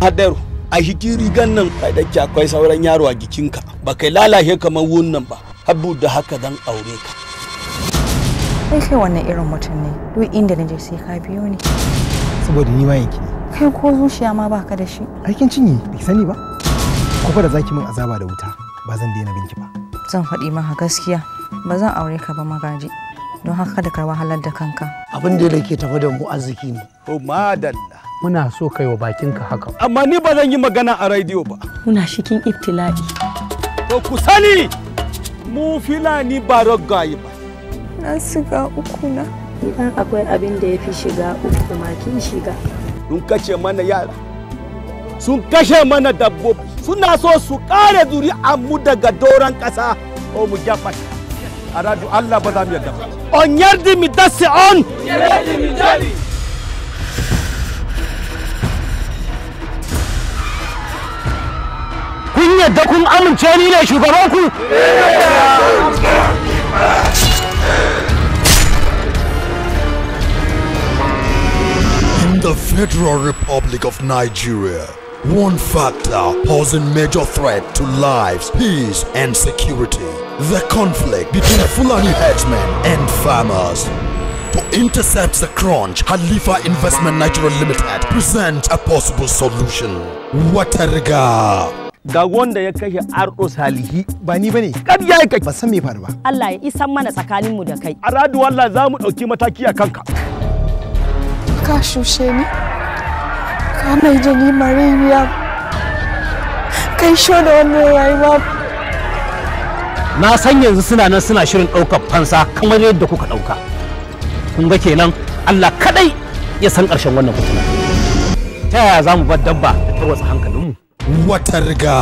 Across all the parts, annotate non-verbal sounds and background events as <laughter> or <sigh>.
hadaru a hiki rigan nan da dake akwai sauran yaro a jikinka ba kai lalashe kamar wannan ba habu da haka dan aure ka kai shi wannan irin mutum ne duk inda je sai ka biyo ne. saboda ni wayan ki. kai ko zuciya ma baka da shi aikin cinye bai sani ba ko fa da zaki min azaba da wuta ba zan daina binki ba zan faɗi maka gaskiya ba zan aure ka ba magaji don haka da ka wahalar da kanka abin da yake tafi da mu arziki ne Oh madalla muna so kai wa bakinka haka amma ni ba zan yi magana a rediyo ba muna shikin ibtila'i to ku sani mu filani ba raggayi ba na shiga uku na idan akwai abin da ya fi shiga uku ma kin shiga sun kace mana yara sun kashe mana dabbobi suna so su kare mu daga doron ƙasa ko mu jafata a radu Allah ba za mu yarda ba on yardi mi dasi on yardi mi jali kun yadda kun amince ni ne shugaban ku In the Federal Republic of Nigeria, one factor posing major threat to lives, peace and security. The conflict between Fulani herdsmen and farmers. To intercept the crunch, Halifa Investment Nigeria Limited presents a possible solution. Waterga ga wanda ya kashe arɗo salihi ba ni bane kan ya kai ba san me faru ba Allah ya isan mana tsakanin mu da kai aradu Allah za mu ɗauki mataki a kanka ka shushe ni ka mai jini mariya kai sho da wannan rayuwa na san yanzu suna nan suna shirin ɗaukar fansa kamar yadda kuka ɗauka kun ga kenan Allah kadai ya san karshen wannan fitina ta yaya zamu mu bar dabba da tarwatsa hankalinmu wata riga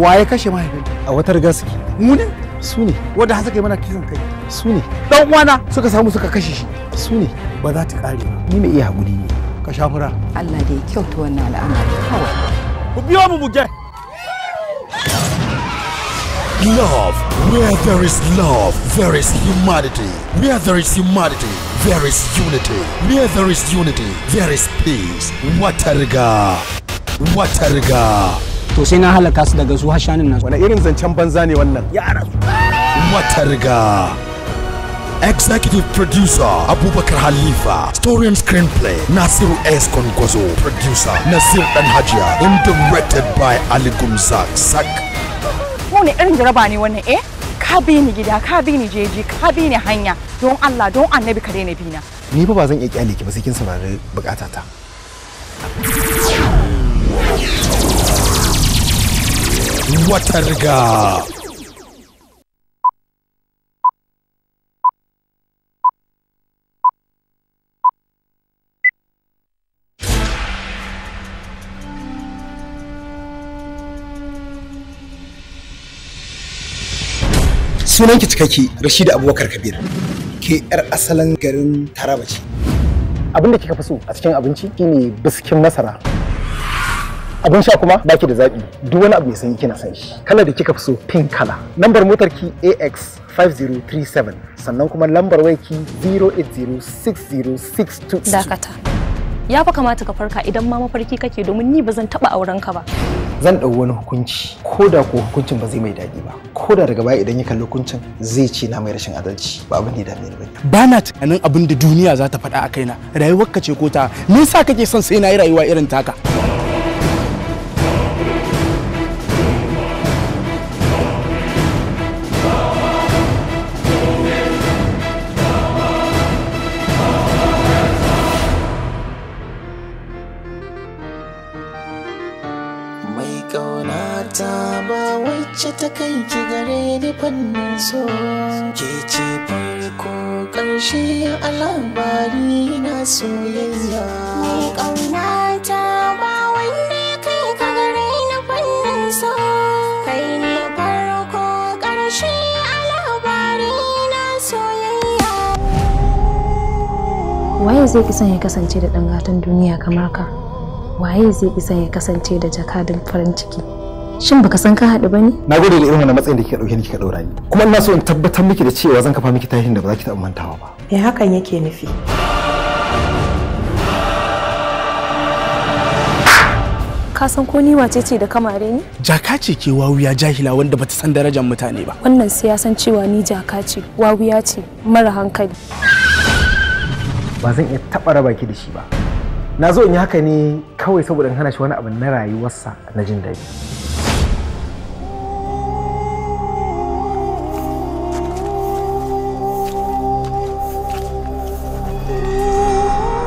waye kashe mahaifinta a wata riga suke mu ne su ne wanda har suka yi mana kisan kai su ne dan uwana suka samu suka kashe shi su ne ba za ta kare ba ni mai iya hakuri ne ka shafura Allah da ya kyauta wannan al'amari kawai ku biyo mu mu Love, where there is love, there is humanity. Where there is humanity, there is unity. Where there is unity, there is peace. Watariga. wata riga to sai na halaka su daga su hashanin nasu wani irin zancen banza ne wannan yara rasu. wata riga Executive Producer Abubakar Halifa Story and Screenplay Nasiru S. Kongozo Producer Nasir Hajiya And directed by Ali Gumzak Sak Wani irin jaraba ne wannan eh? Ka bi ni gida, ka bi ni jeji, ka bi ni hanya Don Allah, don annabi ka daina bina Ni ba ba zan iya kyale ki ba sai kin saurari bukatata wata riga sunanki cikakke rashida abubakar kabir ke yar asalin garin taraba ce Abinda kika fi so a cikin abinci shine biskin masara abun sha kuma baki da zaɓi duk wani abu mai sanyi kina san shi kala da kika fi so pink kala lambar motar ki AX 5037 sannan kuma lambar waya ki 0806062 dakata ya fa kamata ka farka idan ma mafarki kake domin ni ba zan taba auren ka ba zan dau wani hukunci ko da ko hukuncin ba zai mai daɗi ba ko da daga baya idan ya kalli hukuncin zai ce na mai rashin adalci ba abin da ya dame ni ba na tunanin abin da duniya za ta faɗa a kaina rayuwar ka ce ko ta me yasa kake son sai na yi rayuwa irin taka waye zai kisan ya kasance da gatan duniya kamar ka waye zai kisan ya kasance da jakadin farin ciki shin baka san ka haɗu bane na gode da irin wannan matsayin da kika dauke ni kika daura ni kuma ina so in tabbatar miki da cewa zan kafa miki tarihin da ba za ki taɓa mantawa ba eh hakan yake nufi ka san ko ni wace ce da kamare ni? Jaka ce ke wawuya jahila wanda bata san darajar mutane ba. Wannan siyasan cewa ni jaka ce, wawuya ce, mara hankali. ba zan iya taɓa raba ki da shi ba na zo in yi haka ne kawai saboda hana shi wani abu na rayuwarsa na jin daɗi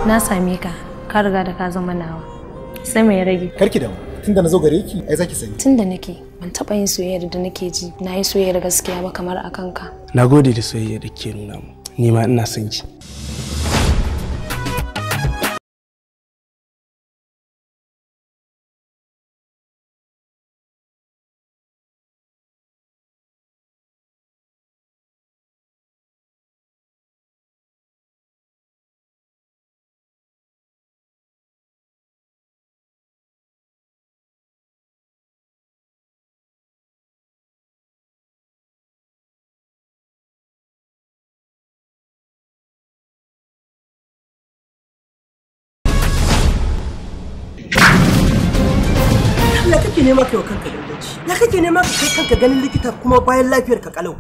na same ka ka riga da ka zama nawa sai mai rage karki damu tunda na zo gare ki ai zaki sani tunda nake ban taba yin soyayya da nake ji na yi soyayyar gaskiya ba kamar akan ka nagode da soyayya da ke nuna mu ni ma ina son ki nema kai wa kanka ganganci ya kake nema ka kai kanka ganin likita kuma bayan lafiyar ka kalau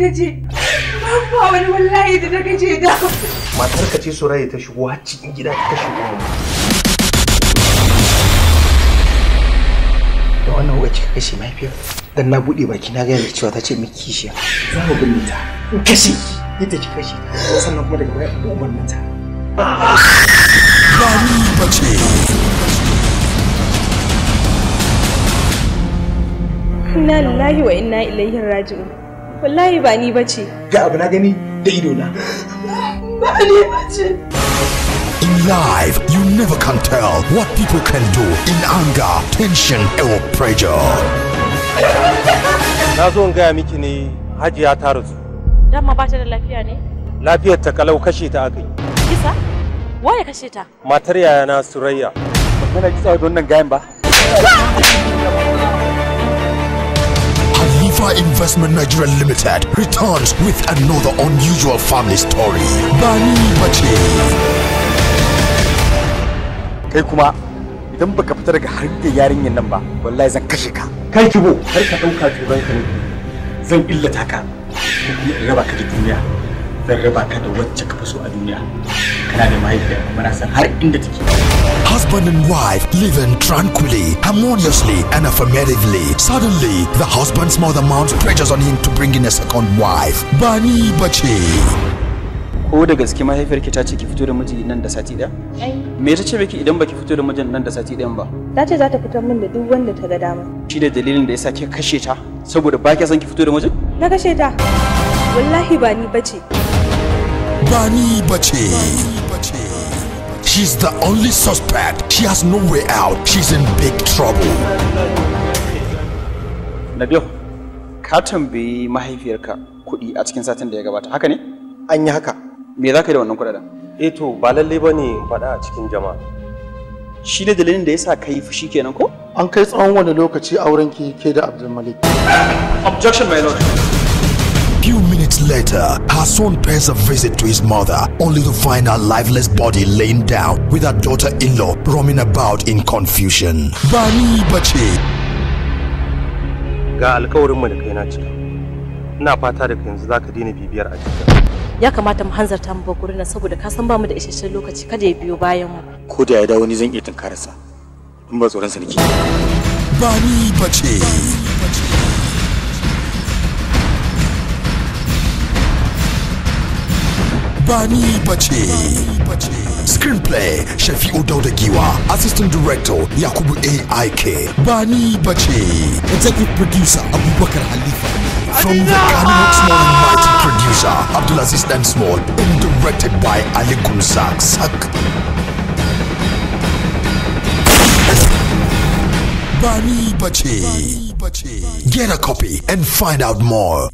gaje ba wani wallahi da na gaje da matar ka ce Suraya ta shigo har cikin gida ta shigo da wannan wuka kika kashe mahaifiyar dan na bude baki na ga yanzu cewa ta ce miki kishiya za mu binne ta in kashe yadda ki kashe sannan kuma daga baya ku umarnin ta bace Inna lillahi wa inna ilaihi raji'un. Wallahi ba ni bace. Ga abu na gani da ido na. In life, you never can tell what people can do in anger, tension, or pressure. Na zo in gaya miki ne Hajiya ta rasu. Dama ba ta da lafiya ne? Lafiyar ta kalau kashe ta aka yi. Kisa? ya kashe ta? Matar yayana Surayya. Ba kana kisa don nan gayan ba? Star Investment Nigeria Limited returns with another unusual family story. Bani Bache. Kai kuma idan baka fita daga harkar yarinyar nan ba, wallahi zan kashe ka. Kai kibo, har ka ɗauka turanka ne. Zan illata ka, kuma in raba ka da duniya. zan raba ka da wacce ka fi so a duniya kana da mahaifiya marasa har inda take Husband and wife living tranquilly, harmoniously, and affirmatively. Suddenly, the husband's mother mounts pressures on him to bring in a second wife, Bani Bache. ko da gaske mahaifiyarki ta ce ki fito da miji nan da sati ɗaya? Me ta ce miki idan baki fito da mijin nan da sati ɗayan ba? Ta ce za ta fitar min da duk wanda ta ga dama. Shi da dalilin da yasa ki kashe ta saboda ba ki son ki fito da mijin? Na kashe ta. Wallahi ba ni bace. Bani Bache. She's the only suspect. She has no way out. She's in big trouble. Nabil, ka tambayi mahaifiyarka kuɗi a cikin satin da ya gabata, haka ne? An yi haka. Me za ka yi da wannan kuɗaɗen? Eh to, ba lalle ba ne faɗa a cikin jama'a. Shi ne dalilin da ya sa ka yi fushi kenan ko? An kai tsawon wani lokaci aurenki ke da Abdulmalik. Objection, my lord. Few later, her son pays a visit to his mother only to find her lifeless body laying down with her daughter-in-law roaming about in confusion. Bani Bachi. Ga mu da kai na cika. Ina fata da yanzu za ka daina bibiyar a Ya kamata mu hanzarta mu gurin nan saboda ka san bamu da isasshen lokaci kada ya biyo bayan mu. Ko da ya dawo ni zan iya tunkararsa. In ba tsoron sa nake. Bani Bache. Bani Bachi. Bani Bache. Screenplay Shafi Ododegiwa. Assistant Director Yakubu AIK. Bani Bache. Executive Producer Abubakar Halifa. From the Ghana Small and Mighty Producer Abdulaziz Dan Small. And directed by Ali Kunsak. Bani Bache. Get a copy and find out more.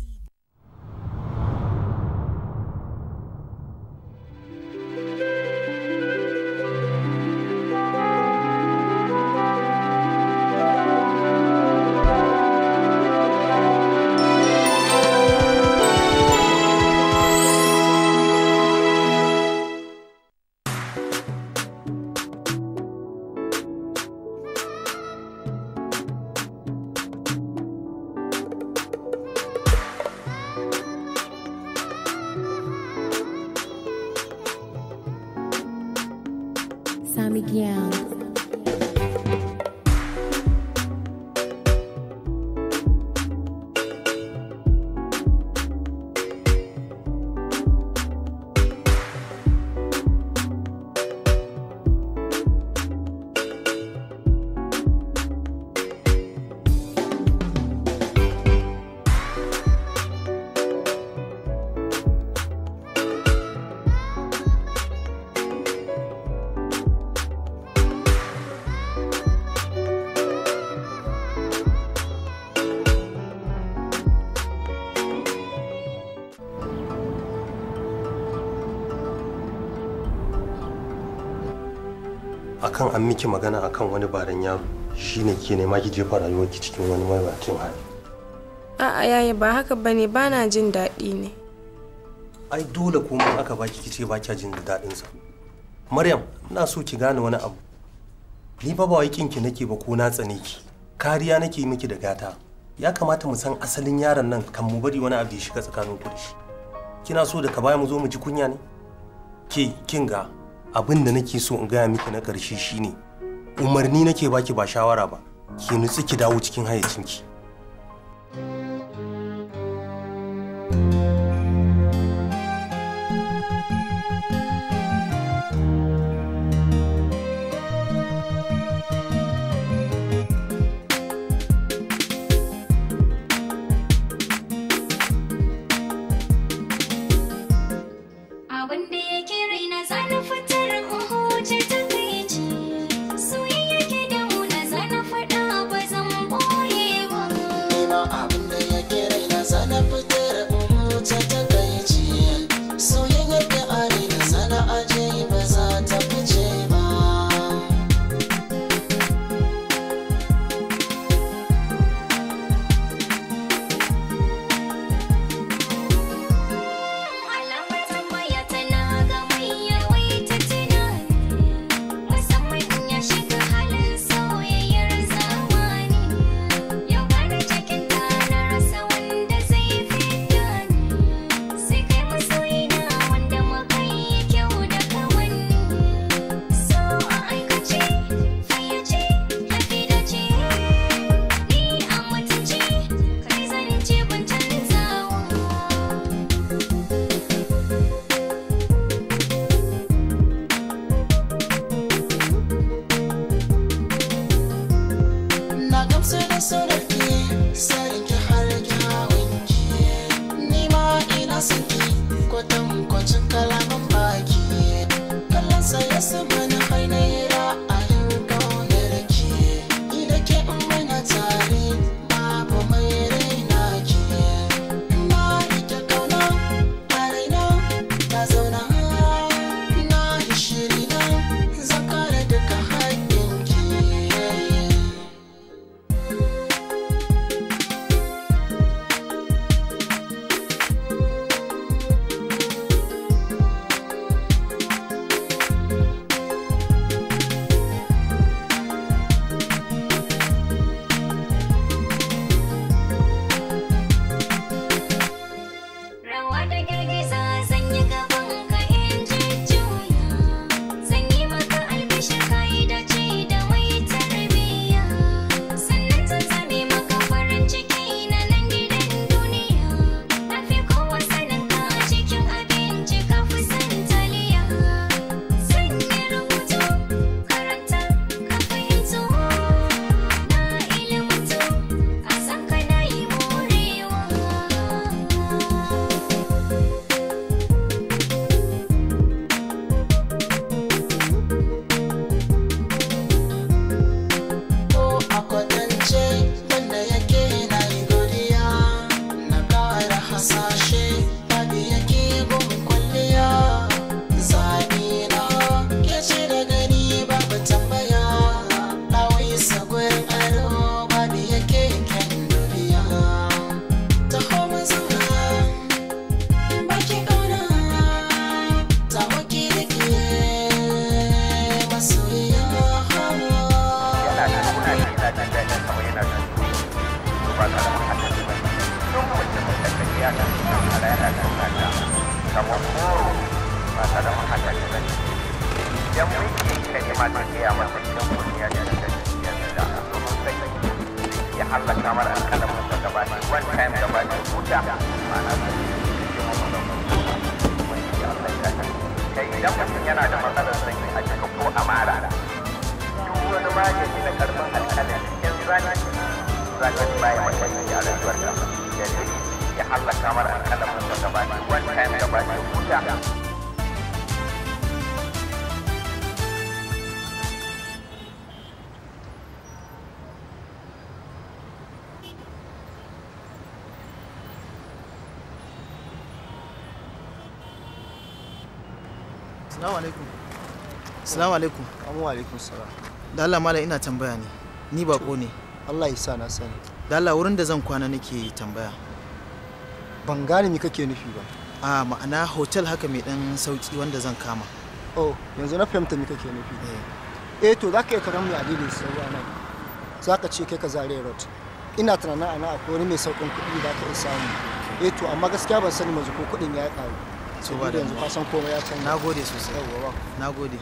an miki magana akan wani baran yaro shine ke nema ki jefa rayuwarki cikin wani mabacin hali a'a yaya ba haka bane ba na jin daɗi ne ai dole komai aka baki kice ba kya jin daɗin sa maryam ina so ki gane wani abu ni fa ba wai ki nake ba ko na tsane ki kariya nake miki da gata ya kamata mu san asalin yaron nan kan mu bari wani abu ya shiga tsakanin ku da shi kina so da ka baya mu zo mu ji kunya ne ki kin ga abin da nake so in gaya miki na ƙarshe shine umarni nake baki ba shawara ba ki nutsi ki dawo cikin hayyacinki. thank you Assalamu alaikum. Assalamu alaikum. Wa alaikum salam. Da Allah mala ina tambaya ne. Ni bako ne. Allah ya sa na sani. Da Allah wurin da zan kwana nake tambaya. Ban gane me kake nufi ba. A ma'ana hotel haka mai dan sauki wanda zan kama. Oh, yanzu na fahimta me kake nufi. Eh, eh to zaka iya karamu a adilin sai nan. Zaka ce kai ka zare road. Ina tunanin ana akwai wani mai saukin kuɗi da ka samu. Eh to amma gaskiya ban sani mazu ko kuɗin ya ƙaru. so da yanzu ka san komai ya canza nagode sosai na gode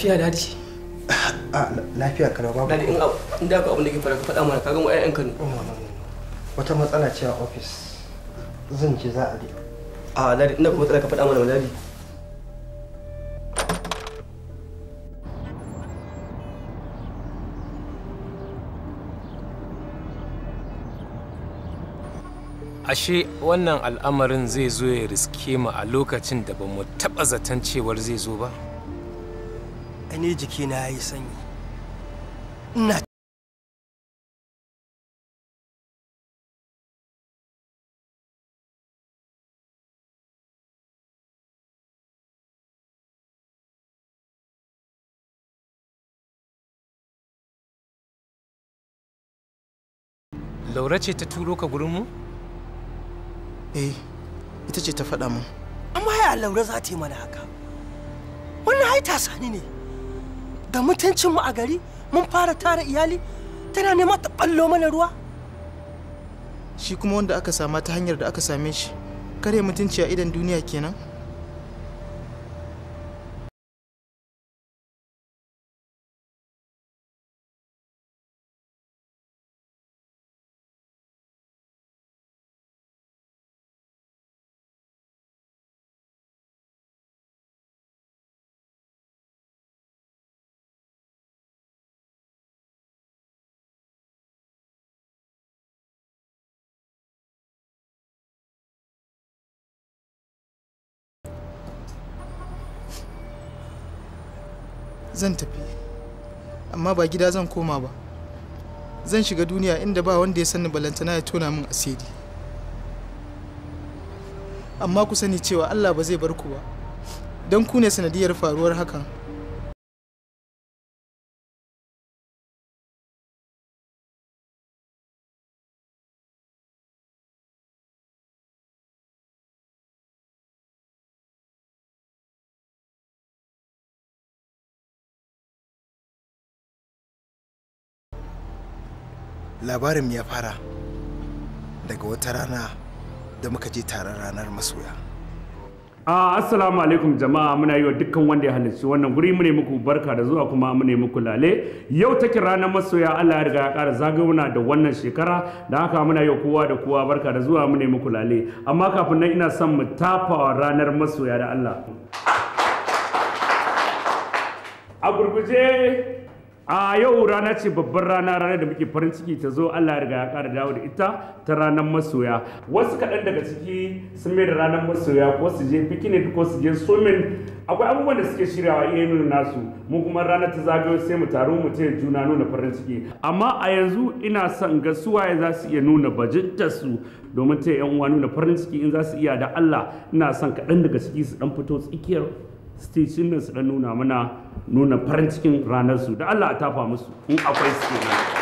lafiya da ce a lafiya kana babu dadi in da ka abin da ke fara ka faɗa mana ka ga ƴaƴan ka ne mm. wata matsala ce a office zan je za a je a ah, dadi ina ka matsala ka faɗa mana dadi ashe wannan al'amarin zai zo ya riske mu a lokacin da ba mu taɓa zaton cewar zai zo ba ni jikina ya yi sanyi ina Laura ce ta turo ka gurin mu? Eh, ita ce ta faɗa mu. Amma ya Laura za ta yi mana haka. Wannan haita sani ne. da mutuncinmu a gari mun fara tara iyali tana nema ta ballo mana ruwa shi kuma wanda aka sama ta hanyar da aka same shi kare mutunci a idan duniya kenan zan tafi amma ba gida zan koma ba zan shiga duniya inda ba wanda ya sani balantana ya tona min asiri amma ku sani cewa allah ba zai bar ku ba don ku ne sanadiyar faruwar hakan labarin ya fara daga wata rana da muka je taron ranar masoya assalamu alaikum jama'a muna yi wa dukkan wanda ya halarci wannan guri mune muku barka da zuwa kuma mune muku lale yau take ranar masoya Allah ya riga ya ƙara zagauna da wannan shekara da haka muna yi kowa da kowa barka da zuwa mune muku lale amma kafin nan ina son mu tafa ranar masoya da Allah a gurguje a yau rana ce babbar rana rana da muke farin ciki ta zo Allah ya riga ya kara dawo da ita ta ranar masoya wasu kaɗan daga ciki sun mai da ranar masoya ko su je picnic ko su je swimming akwai abubuwan da suke shiryawa iya nuna nasu mu kuma ranar ta zagayo sai mu taru mu taya juna nuna farin ciki amma a yanzu ina son ga suwaye za su iya nuna bajinta su domin taya yan uwa nuna farin ciki in za su iya da Allah ina son kaɗan daga ciki su ɗan fito tsikiyar. still na nuna mana nuna farin cikin ranar su da Allah a tafa musu in akwai su kenan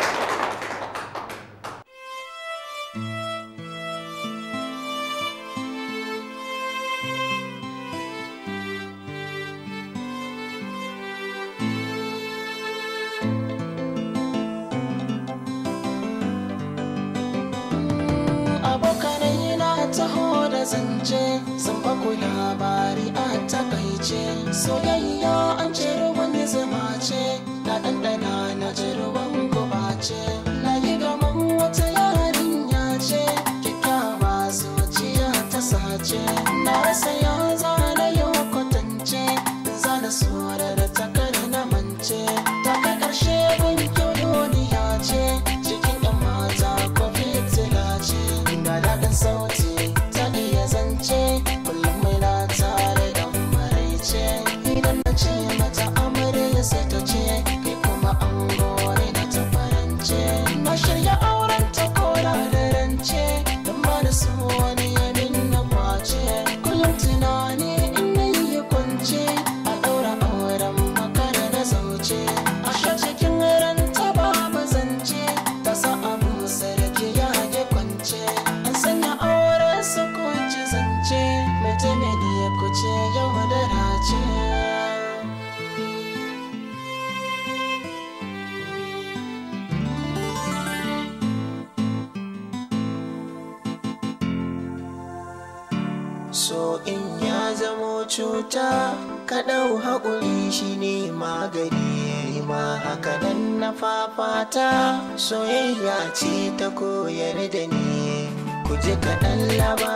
soyayya ce ta koyar da ni ku ji kaɗan laba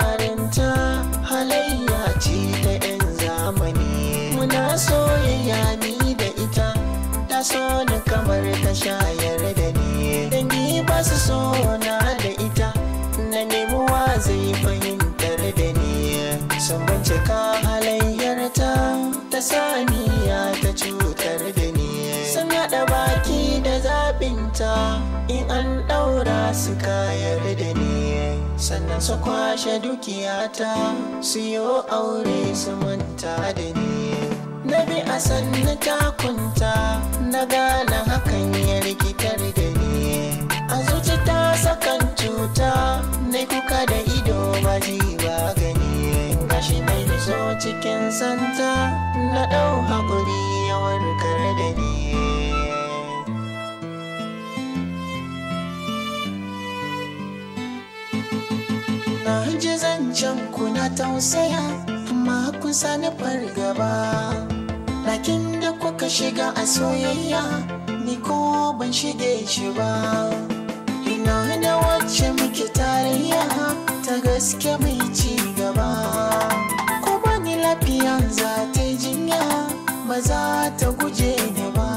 su kwashe dukiyata siyo aure su manta da ni na bi a sannu takunta na gane hakan ya rikitar da ni a zuci ta sakan cuta na kuka da ido ba ji ba gani gashi na zo cikin santa na ɗau haƙuri yawar kare da ni na ji zancen ku na tausaya amma kun sani fargaba lakin da kuka shiga a soyayya ni ko ban shige shi ba ina da wacce muke tarayya ta gaske mai ci gaba ko bani lafiyan za ta jinya ba za ta guje ni ba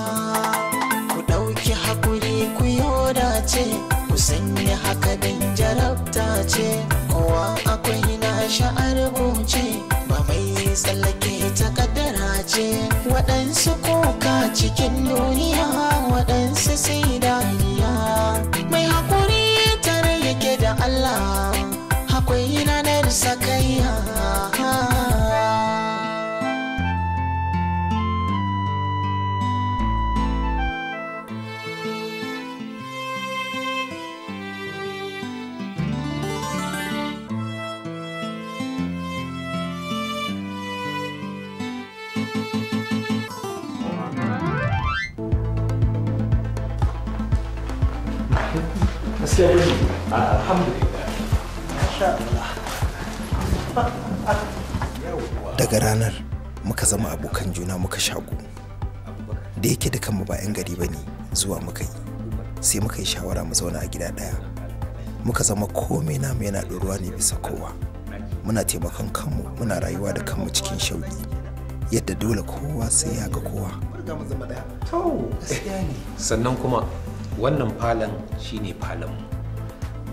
ku ɗauki hakuri ku yoda ce ku sanya haka din jarabta ce tsallake ta kaddara ce waɗansu koka cikin duniya waɗansu sai da daga ranar muka zama abokan juna muka shago da yake da kanmu ba 'yan gari ba ne zuwa muka yi sai muka yi shawara mu zauna a gida ɗaya muka zama komai namu yana ɗoruwa ne bisa kowa muna taimakon kanmu muna rayuwa da kanmu cikin shauki yadda dole kowa sai ya ga kowa sannan kuma wannan falon shine falon mu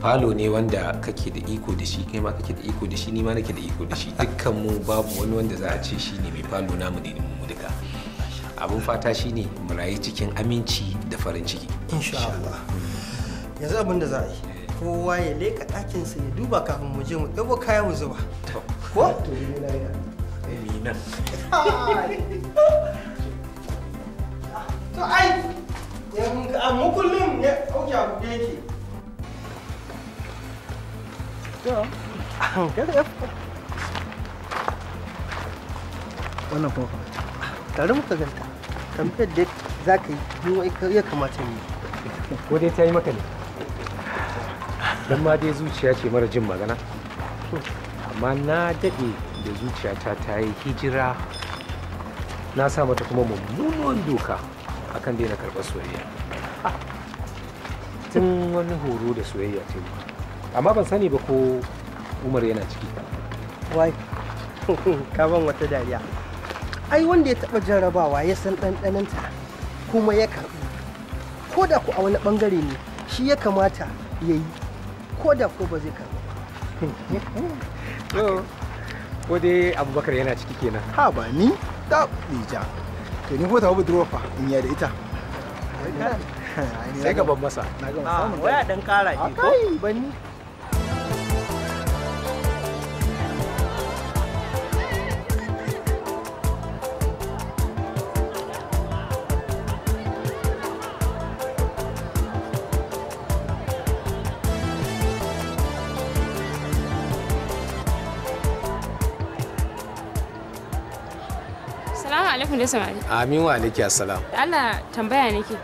falo ne wanda kake da iko da shi kai ma kake da iko da shi ni ma nake da iko da shi dukkan mu babu wani wanda za a ce shi ne mai falo namu ne mu duka abun fata shi ne mu rayu cikin aminci da farin ciki insha Allah yanzu abin da za a yi kowa ya leka ɗakinsa ya duba kafin mu je mu ɗago kaya mu zuba ko minan to ai mu kullum ne auki abu yake Wannan kuma Tare muka ganta. Tambayar da za ka yi ya kamata ne. Ko dai ta yi maka ne. don ma dai zuciya ce mara jin magana. Amma na daɗe da zuciyata ta yi hijira na sa mata kuma mummunan doka akan daina karɓar soyayya. Tun wani horo da soyayya ta yi. amma ban sani ba ko umar yana ciki wai <laughs> ka ban wata dariya ai wanda ya taɓa jarrabawa ya san ɗanɗananta kuma ya karɓi ko da ku a wani ɓangare ne shi ya kamata ya yi ko da ko ba zai karɓi <laughs> ko dai abubakar yana ciki kenan ha ba ni ta ija to ni ko ta durofa in yada da ita <laughs> sai ban masa na ga masa ah, waya dan kara ki ko ban ni Sani Samari. Amin wa alaiki assalam. Allah tambaya nake.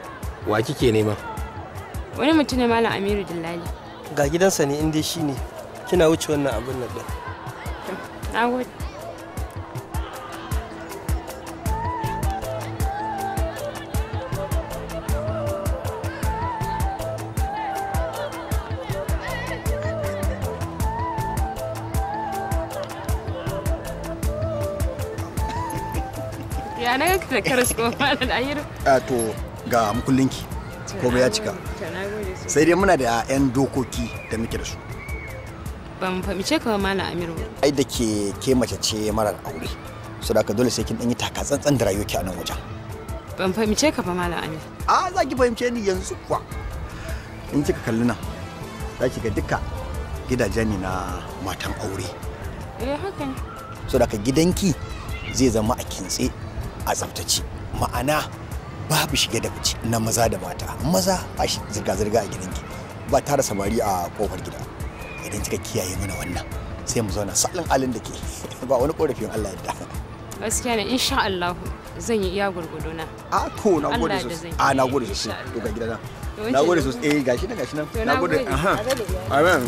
Wa kike nema? Wani mutum ne Malam Amiru Dillali. Ga gidansa ne inda shi ne. Kina wuce wannan abun nan da karas ko malam ayiru a to ga mukullinki komai ya cika sai dai muna da 'yan dokoki da muke da su ban fahimce ka malam amiru ai da ke ke mace ce marar aure su da dole sai kin dan yi taka tsantsan da rayuwarki a nan wajen ban fahimce ka ba malam Amiru. a za ki fahimce ni yanzu kuwa in kika kalli nan za ki ga duka gidajen ne na matan aure eh haka ne da gidanki zai zama a kintse azabtaci ma'ana babu shige da fice na maza da mata maza ba shi zirga-zirga a gidanki ba tara samari a kofar gida idan kika kiyaye mana wannan sai mu zauna salin alin da ke <laughs> ba wani korafin Allah yadda gaskiya ne insha Allah zan yi iya gurgudo na a to na gode su a na gode su to ga gidana na gode su eh gashi na gashi na na gode aha amen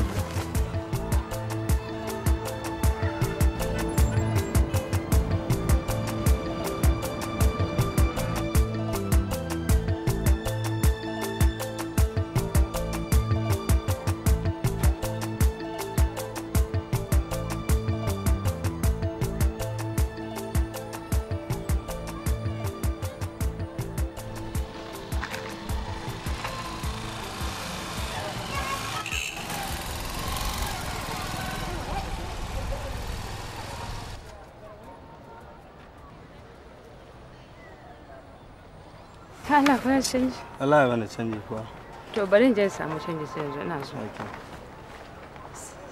Allah ba canji. Allah ba na canji kuwa. To bari in je samu canji sai yanzu ina so.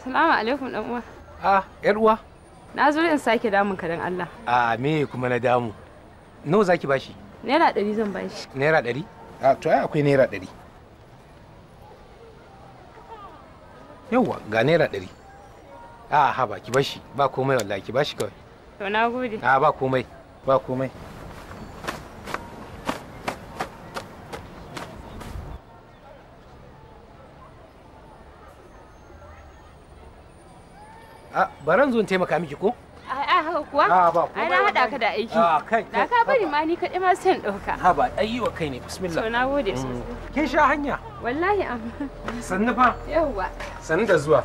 Salamu alaikum dan uwa. Ah, yar uwa. Na zo in sake damun ka dan Allah. Ah, me kuma na damu? Nawa zaki bashi? Naira ɗari zan bashi. Naira ɗari? Ah, to ai akwai naira ɗari. Yawwa, ga naira ɗari. Ah, ha ba ki bashi, ba komai wallahi ki bashi kawai. To na gode. Ah, ba komai, ba komai. baran zo in taimaka miki ko a haka kuwa a ah, ba ko ai na hada ka da aiki a ah, kai da ka bari ma ni kadai ma sai in dauka ha ba ai wa kai ne bismillah to na gode mm. sosai kin sha hanya wallahi am. sannu fa yawa sannu da zuwa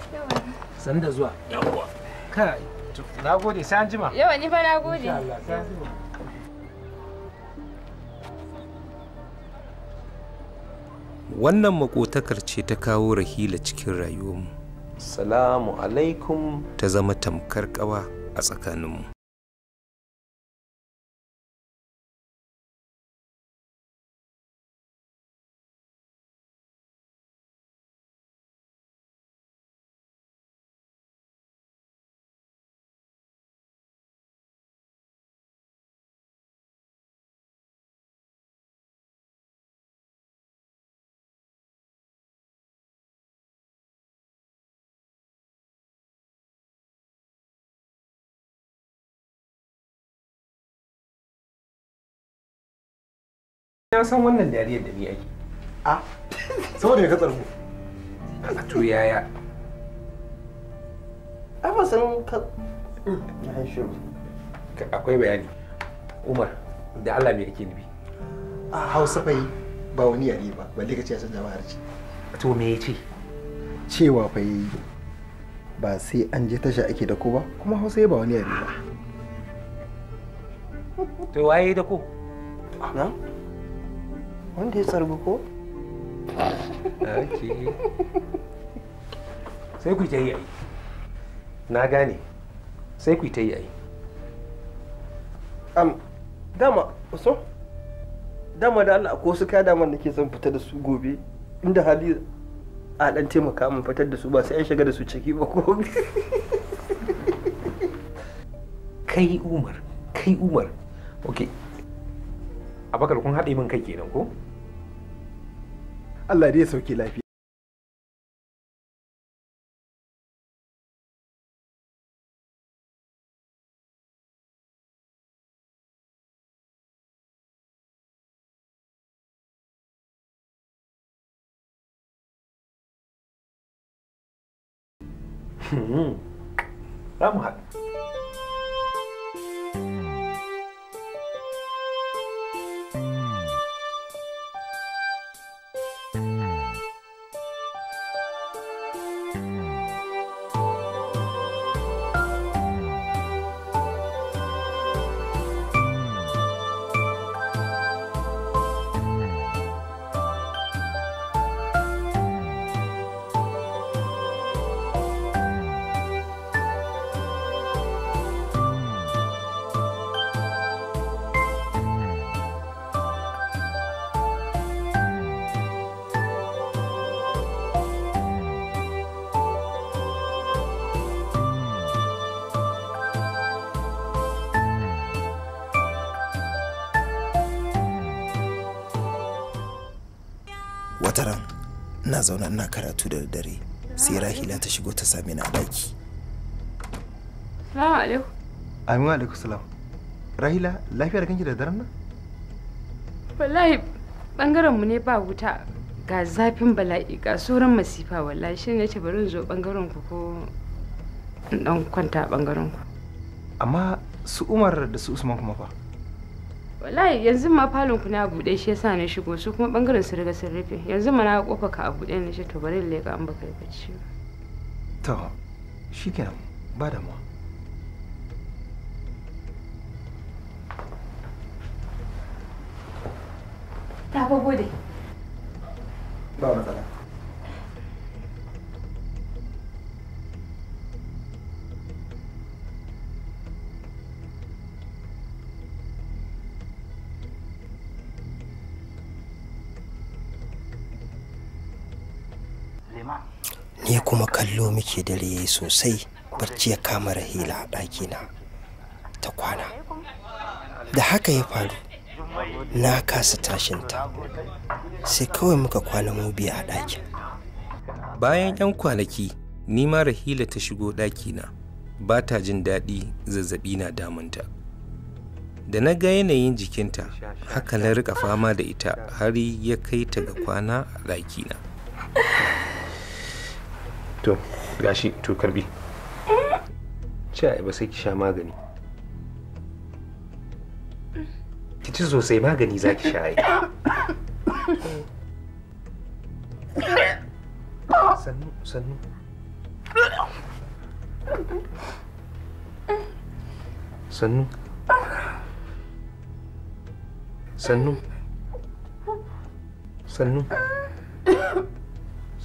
sannu da zuwa yawa kai na gode sai an jima yawa ni fa na gode insha Allah sai an jima wannan makotakar ce ta kawo rahila cikin rayuwarmu salamu alaikum ta zama tamkar kawa a tsakaninmu ya san wannan dariyar da ni ake a saboda ya katsar ku a to yaya a ba san ka akwai bayani umar da allah me kake nufi a hausa yi ba wani yare ba balle ka ce san jama'ar ce to me yace cewa fa ba sai an je tasha ake da ko ba kuma hausa ba wani yare ba to waye da ko na wanda ya tsargu sai ku ta yi ai na gane sai ku ta yi ai dama so dama da ko su ka da ke son fita da su gobe inda hali a dan taimaka min fitar da su ba sai an shiga da su ciki ba gobe kai umar kai umar ok abakar kun haɗe min kai kenan ko Allah dai ya sauke lafiya hmm. za mu Zauna ina karatu da dare sai rahila ta shigo ta same ni a daki salamu alaikum amin alaikum salam rahila lafiyar kanki da daren nan wallahi bangaren mu ne ba wuta ga zafin bala'i ga sauran masifa wallahi shi ne ce bari zo bangaren ku ko in dan kwanta bangaren ku amma su umar da su usman kuma fa wallahi yanzu ma falon ku na bude shi yasa ne shigo su kuma bangaren su riga sun rufe yanzu ma na kofa ka a bude ne shi to bari in leka an baka bacci to shikenan ba da mu ta fa gode ba matsala tsallake dare yayi sosai barci ya kama rahila a ɗakina ta kwana da haka ya faru na kasa tashinta sai kawai muka kwana mu biya a ɗakin bayan 'yan kwanaki nima rahila ta shigo ɗakina ba ta jin daɗi zazzaɓi na damunta da na ga yanayin jikinta haka na rika fama da ita har ya kai ta ga kwana a ɗakina gashi to karbi ci ba sai ki sha magani ki ci sosai magani za ki sha ai sannu sannu sannu sannu sannu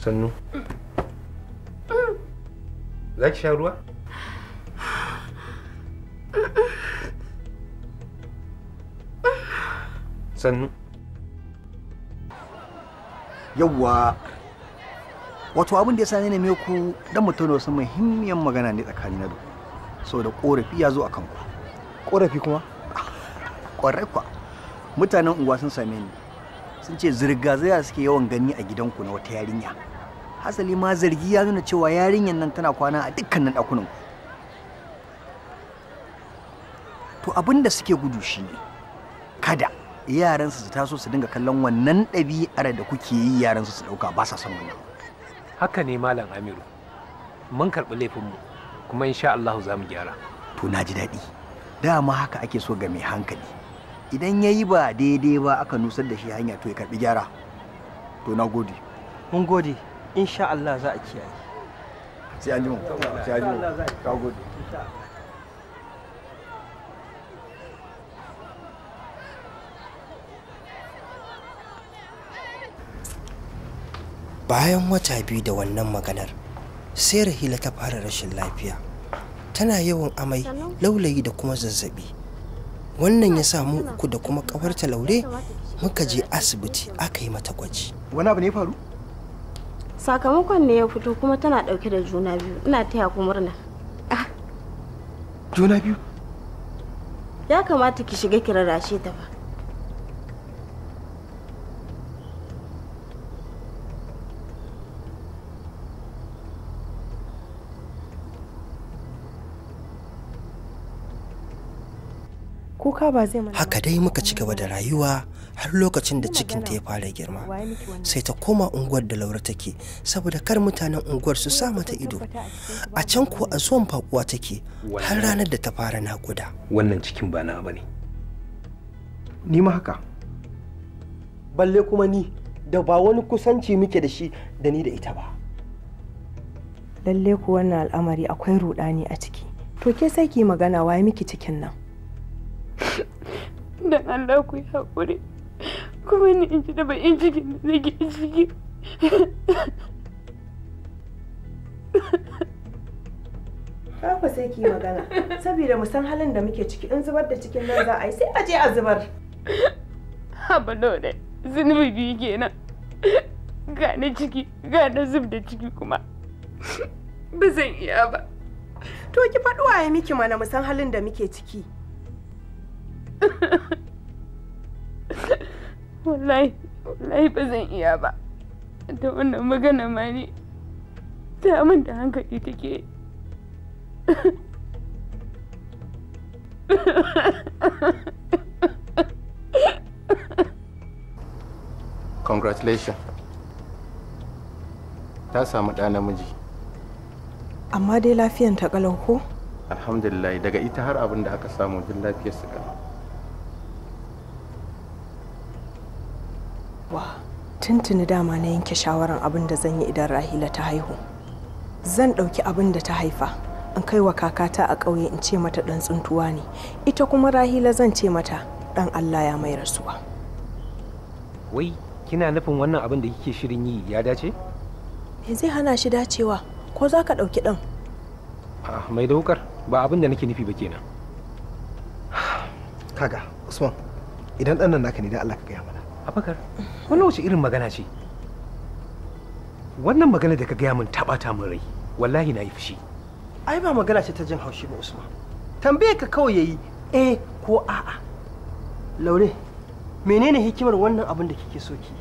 sannu Za ki sha ruwa? Sannu. Yawwa, wato abin da ya sani ne ku dan mu tauna wasu muhimmiyar magana ne tsakanin da saboda korafi ya zo a kanku. Korafi kuma? Kwarai kwa. Mutanen unguwa sun same ni. Sun ce zirga-zirga suke yawan gani a gidanku na wata yarinya. hasali ma zargi ya nuna cewa yarinyar nan tana kwana a dukkanin ɗakunan to abin da suke gudu shi ne kada yaransu su taso su dinga kallon wannan ɗabi'ar da kuke yi yaransu su ɗauka ba sa son wannan haka ne malam amiru mun karɓi laifinmu kuma insha Allah za mu gyara to na ji daɗi dama haka ake so ga mai hankali idan ya yi ba daidai ba aka nusar da shi hanya to ya karɓi gyara to na gode mun gode insha Allah za a kiyaye sai an ji mu sai an ji ka gode bayan wata biyu da wannan maganar sai rahila ta fara rashin lafiya tana yawan amai laulayi da kuma zazzabi wannan ya mu uku da kuma kawarta laure muka je asibiti aka yi mata gwaji wani abu ne faru sakamakon ne ya fito kuma tana ɗauke da juna biyu ina taya ku murna ah. juna biyu ya kamata ki shiga kirarashe ta ba kuka ba zai mana haka dai muka ci gaba da rayuwa har lokacin da cikin ta ya fara girma sai ta koma unguwar da laura take saboda kar mutanen unguwar su sa mata ido a can ko a zuwan fakuwa take har ranar da ta fara nakuda wannan cikin ba na bane ni ma haka balle kuma ni da ba wani kusanci muke da shi da ni da ita ba lalle ku wannan al'amari akwai rudani a ciki to ke sai ki magana waye miki cikin nan don Allah ku yi haƙuri kuma ni in ji da bakin cikin da nake ciki Kafa sai ki magana, saboda mu san halin da muke ciki in zubar da cikin nan za a yi sai a je a zubar. Haba dole, zunubi biyu kenan. Ga na ciki, ga na zub da ciki kuma. Ba zan iya ba. To ki faɗuwa ya miki mana mu san halin da muke ciki. wallahi wallahi ba zan iya ba da wannan magana ma ne ta manta hankali take congratulations ta samu ɗa namiji amma dai lafiyan ta ƙalau ko alhamdulillah daga ita har abin da aka samu jin lafiyar su ƙalau tuntuni dama na yanke shawarar abin da zan yi idan rahila ta haihu zan ɗauki abin da ta haifa in kai wa kakata a ƙauye in ce mata ɗan tsuntuwa ne ita kuma rahila zan ce mata ɗan allah ya mai rasuwa wai kina nufin wannan abin da kike shirin yi ya dace me zai hana shi dacewa ko za ka ɗauki ɗan mai da wukar ba abin da nake nufi ba kenan <sighs> kaga usman idan ɗan nan naka ne da allah ka gaya mana abakar wani wace irin magana ce? Wannan magana da ka gaya min ta mun min rai, wallahi na yi fushi. Ai ba magana ce ta jin haushi ba Usman. Tambaye ka kawai yayi eh ko a'a. Laure, menene hikimar wannan abin da kike so ki?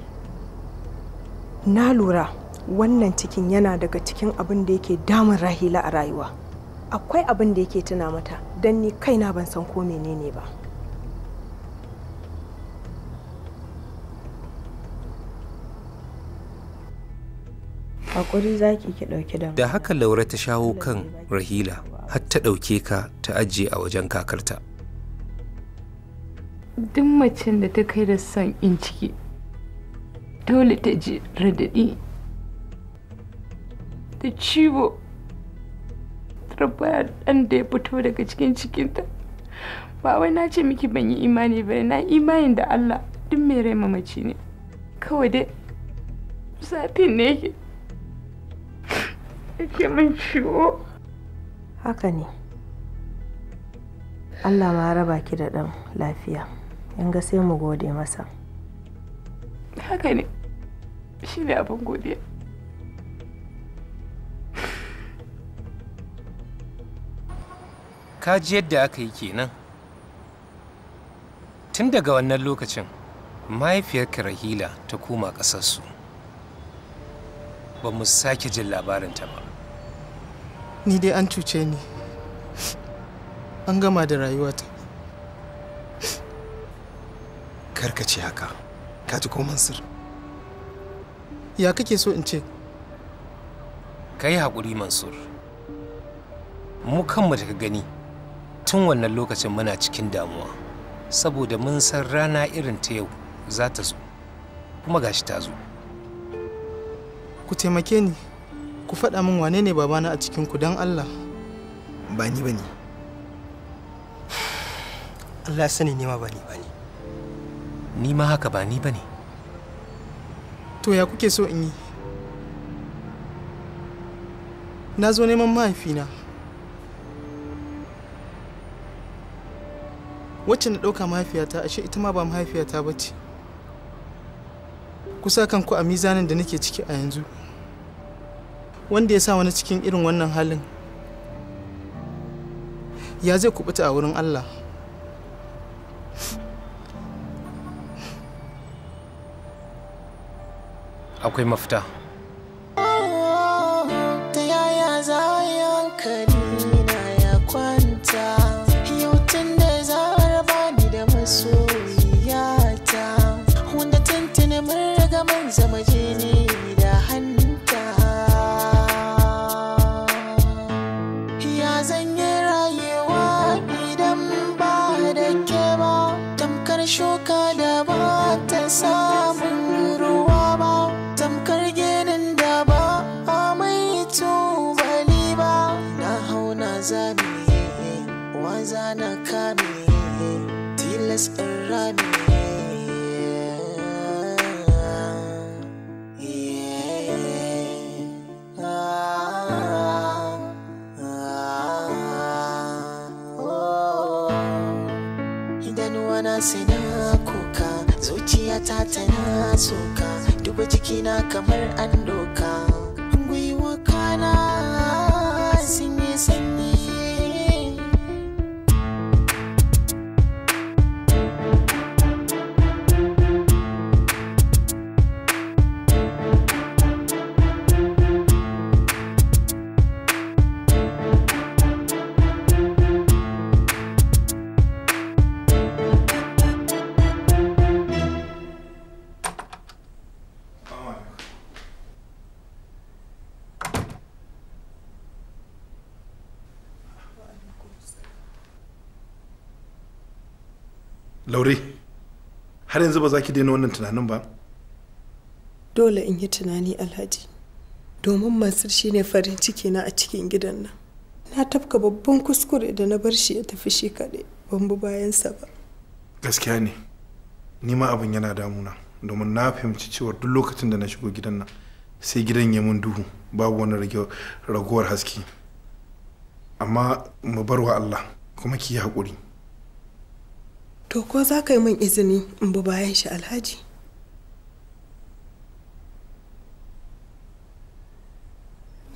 Na lura wannan cikin yana daga cikin abin da yake damun rahila a rayuwa. Akwai abin da yake tuna mata, don ni kaina ban san ko menene ba. hakuri zaki ki dauki da da haka laura ta shawo kan rahila har ta ɗauke ka ta ajiye a wajen kakarta duk macen da ta kai da son in ciki dole ta ji radadi da ciwo rabaya dan da ya fito daga cikin cikinta ba wai na ce miki ban yi imani ba na imanin da allah duk mai rai mamaci ne kawai dai zafin ne yake yake min ciwo haka ne allah ma raba ki da ɗan lafiya in ga sai mu gode masa haka ne shi ne abin godiya ka ji yadda aka yi kenan tun daga wannan lokacin mahaifiyarka rahila ta koma ƙasarsu ba mu sake jin labarinta ba ni dai an cuce ni an gama da rayuwata karkace haka ka ji ko mansur ya kake so in ce ka yi haƙuri mansur mu kanmu da ka gani tun wannan lokacin muna cikin damuwa saboda mun san rana irin ta yau za ta zo kuma gashi ta zo ku taimake ni ku faɗa min wane ne babana a cikinku don Allah ba ni ba ne Allah sani nema ba ni ba ne ni ma haka ba ni ba ne to ya kuke so in yi na zo neman mahaifina wacce na ɗauka mahaifiyata ashe ita ma ba mahaifiyata ba ce kusa kanku a mizanin da nake ciki a yanzu wanda ya sa wani cikin irin wannan halin ya zai kubuta a wurin Allah akwai mafita ta yaya za hankali na ya kwanta yau tun da bani da masoyiyata wanda tuntuni mun riga mun zama jini soka duba jikina kamar an daure har yanzu ba za ki daina wannan tunanin ba? Dole in yi tunani Alhaji, domin Mansur shi ne farin ciki na a cikin gidan nan. Na tafka babban kuskure da na bar shi ya tafi shi kaɗai, ban bi bayansa ba. Gaskiya ne, ni ma abin yana damuna, domin na fahimci cewa duk lokacin da na shigo gidan nan sai gidan ya mun duhu babu wani ragowar haske. Amma mu barwa Allah kuma ki yi haƙuri. To ko za ka yi min izini in bi bayan shi alhaji?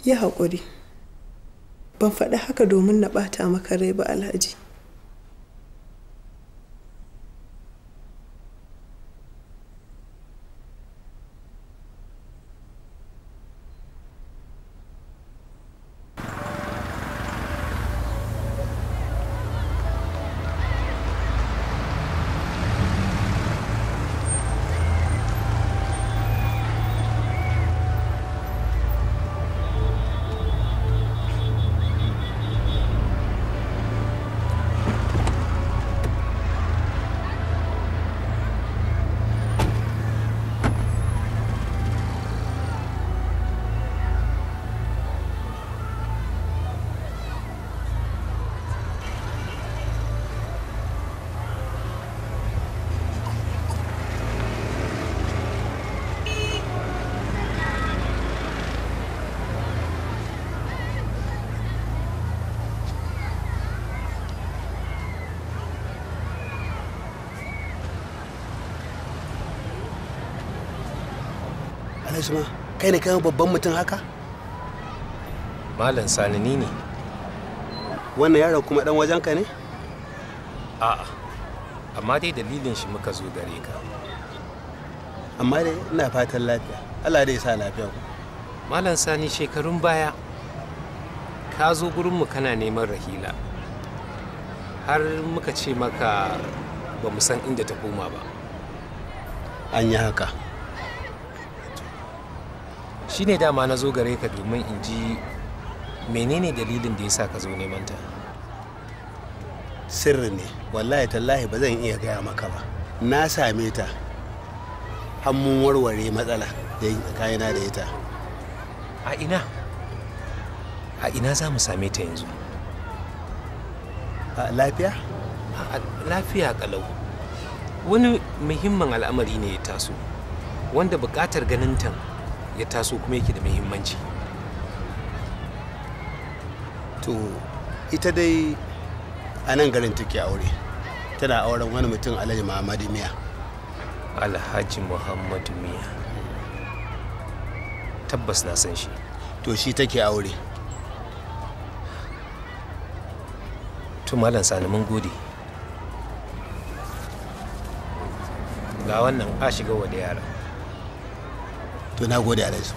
Ya haƙuri, ban faɗi haka domin na ɓata maka rai ba alhaji. ma kai ne kai babban mutum haka malam sani ni ne wannan yaro kuma dan wajenka ne a'a amma dai dalilin shi muka zo gare ka amma dai ina fatan lafiya allah dai sa lafiya ku malam sani shekarun baya ka zo gurinmu kana neman rahila har muka ce maka ba mu san inda ta koma ba an yi haka Shi shine dama na zo gare ka domin in ji menene dalilin da ya sa ka zo neman ta sirri ne wallahi tallahi ba zan iya gaya maka ba na same ta hannun warware matsala da kayana da ita a ina a ina za mu same ta yanzu A lafiya A lafiya kalau wani muhimmin al'amari ne ya taso wanda bukatar ganin tan ya taso kuma yake da muhimmanci to ita dai a nan garin take aure tana auren wani mutum alhaji muhammadu miya alhaji muhammadu miya tabbas na san shi to shi take aure to malam sani mun gode ga wannan a shiga wa da yara to na gode alai su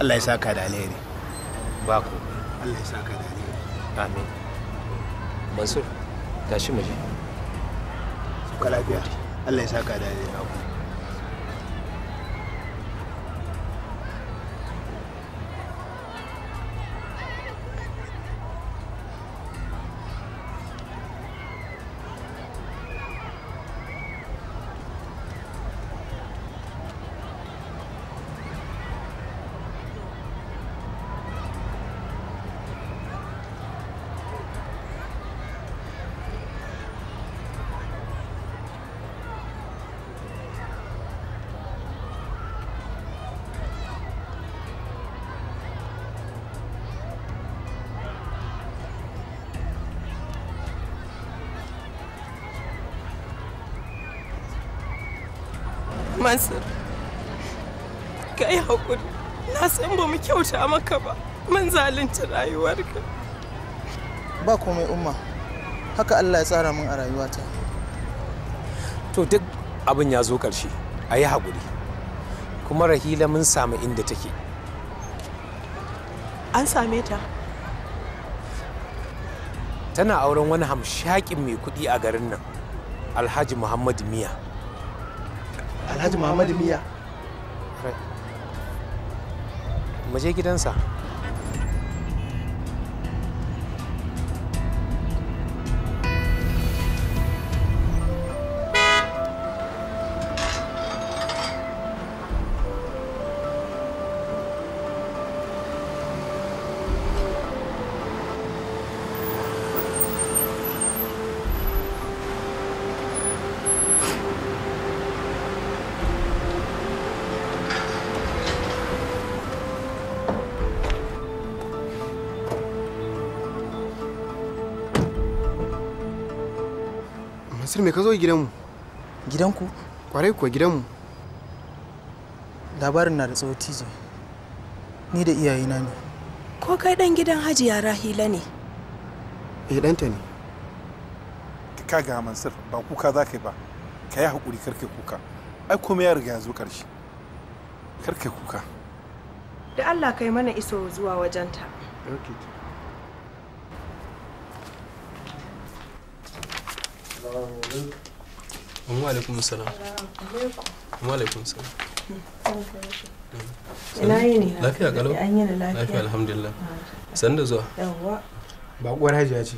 Allah ya saka da alheri ba ku Allah ya saka da alheri amin mansur tashi mu je suka lafiya Allah ya saka da alheri Mansur. Ka yi haƙuri, na san ba mu kyauta maka ba, mun zalunta rayuwarka. Ba komai umma, haka Allah ya tsara min a rayuwata. To duk abin ya zo ƙarshe, a yi haƙuri. Kuma Rahila mun samu inda take. An same ta. Tana auren wani hamshakin mai kuɗi a garin nan, Alhaji Muhammad Miya. alhaji muhammadu miya mu je gidansa me ka zo gidanmu gidanku kwarai kuwa gidanmu labarin na da tsawo tije ni da iyayena ne ko kai dan gidan hajiya rahila ne eh ɗanta ne ka ga mansur ba kuka za ka yi ba ka yi haƙuri karka kuka ai kuma ya riga ya zo ƙarshe karka kuka da allah kai mana iso zuwa wajenta okay. Amma salam. Amma salam. Ina yi ne? Lafiya kalau? An yi lafiya. Lafiya alhamdulillah. San da zuwa. Yawwa. hajiya ce.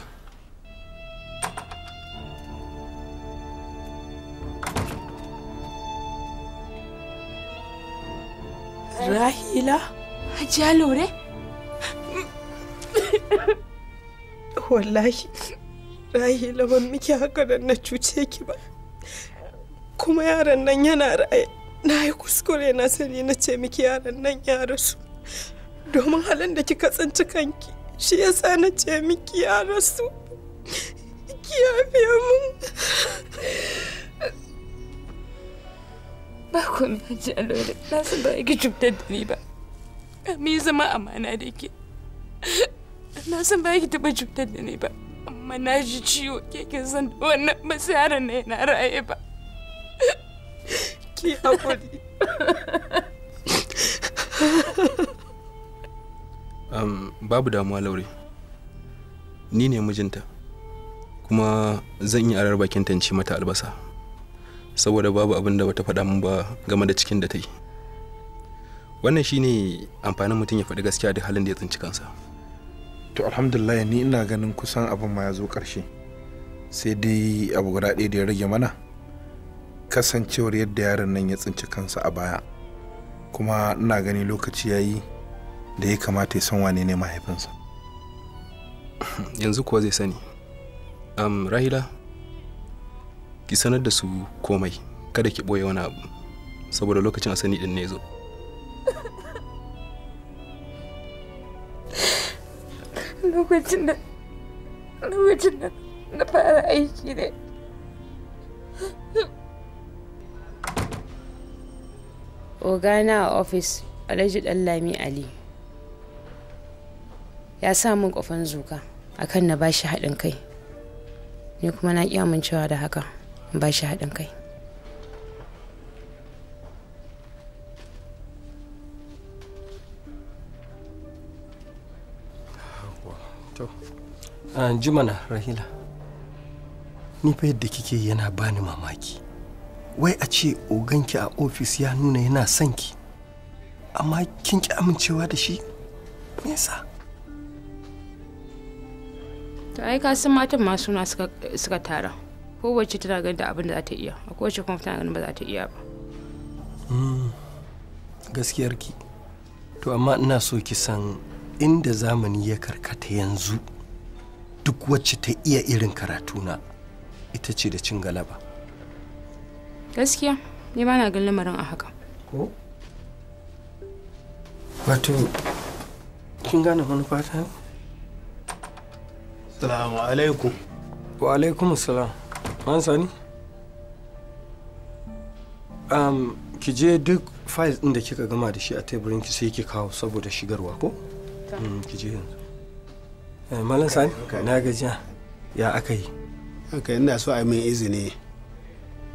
Rahila? Hajiya Lore? Wallahi. rayi laban miki haka da na cuce ki ba kuma yaran nan yana raye na yi kuskure na sani na ce miki yaran nan ya rasu domin halin da kika tsinci kanki shi yasa na ce miki ya rasu ki yafe mun ba ku maji alole na su ba ki cutar da ni ba amma zama amana da ke na san ba ki taɓa cutar da ni ba amma na ji ciwo ke kin san wannan ba sai ne na raye ba ki hakuri babu damuwa laure ni ne mijinta kuma zan yi arar bakin tanci mata albasa saboda babu abin da bata faɗa min ba game da cikin da ta yi wannan shine amfanin mutum ya faɗi gaskiya da halin da ya tsinci kansa to alhamdulillah ni ina ganin kusan abin ma ya zo ƙarshe sai dai abu guda ɗaya da ya rage mana kasancewar yadda yaron nan ya tsinci kansa a baya kuma ina gani lokaci ya yi da ya kamata ya san wane ne mahaifinsa yanzu kuwa zai sani um, rahila ki sanar da su komai kada ki ɓoye wani abu saboda lokacin a sani ɗin ne zo <laughs> lokacin da lokacin da na fara aiki ne ogana a ofis alhaji lami ali ya sa min kofan zuka akan na bashi haɗin kai ni kuma na ƙi amincewa da haka bashi haɗin kai jimana rahila ni fa yadda kike yana bani mamaki wai a ce oganki a ofis ya nuna yana son ki amma kin ki amincewa da shi me yasa to ai ka san matan ma suna suka tara ko wacce tana ganin da abin da za ta iya a wacce kuma tana ganin ba za ta iya ba hmm, gaskiyarki to amma ina so ki san inda zamani ya karkata yanzu duk wacce ta iya irin karatuna ita ce da cin galaba gaskiya ne ba na gan lamarin a haka ko wato kin gane manufa ta salamu alaikum wa alaikum salam an sani um, ki je duk files din da kika gama da shi a teburin ki sai ki kawo saboda shigarwa ko mm, ki je yanzu Eh, malam sani na gajiya ya aka yi aka yi so a min izini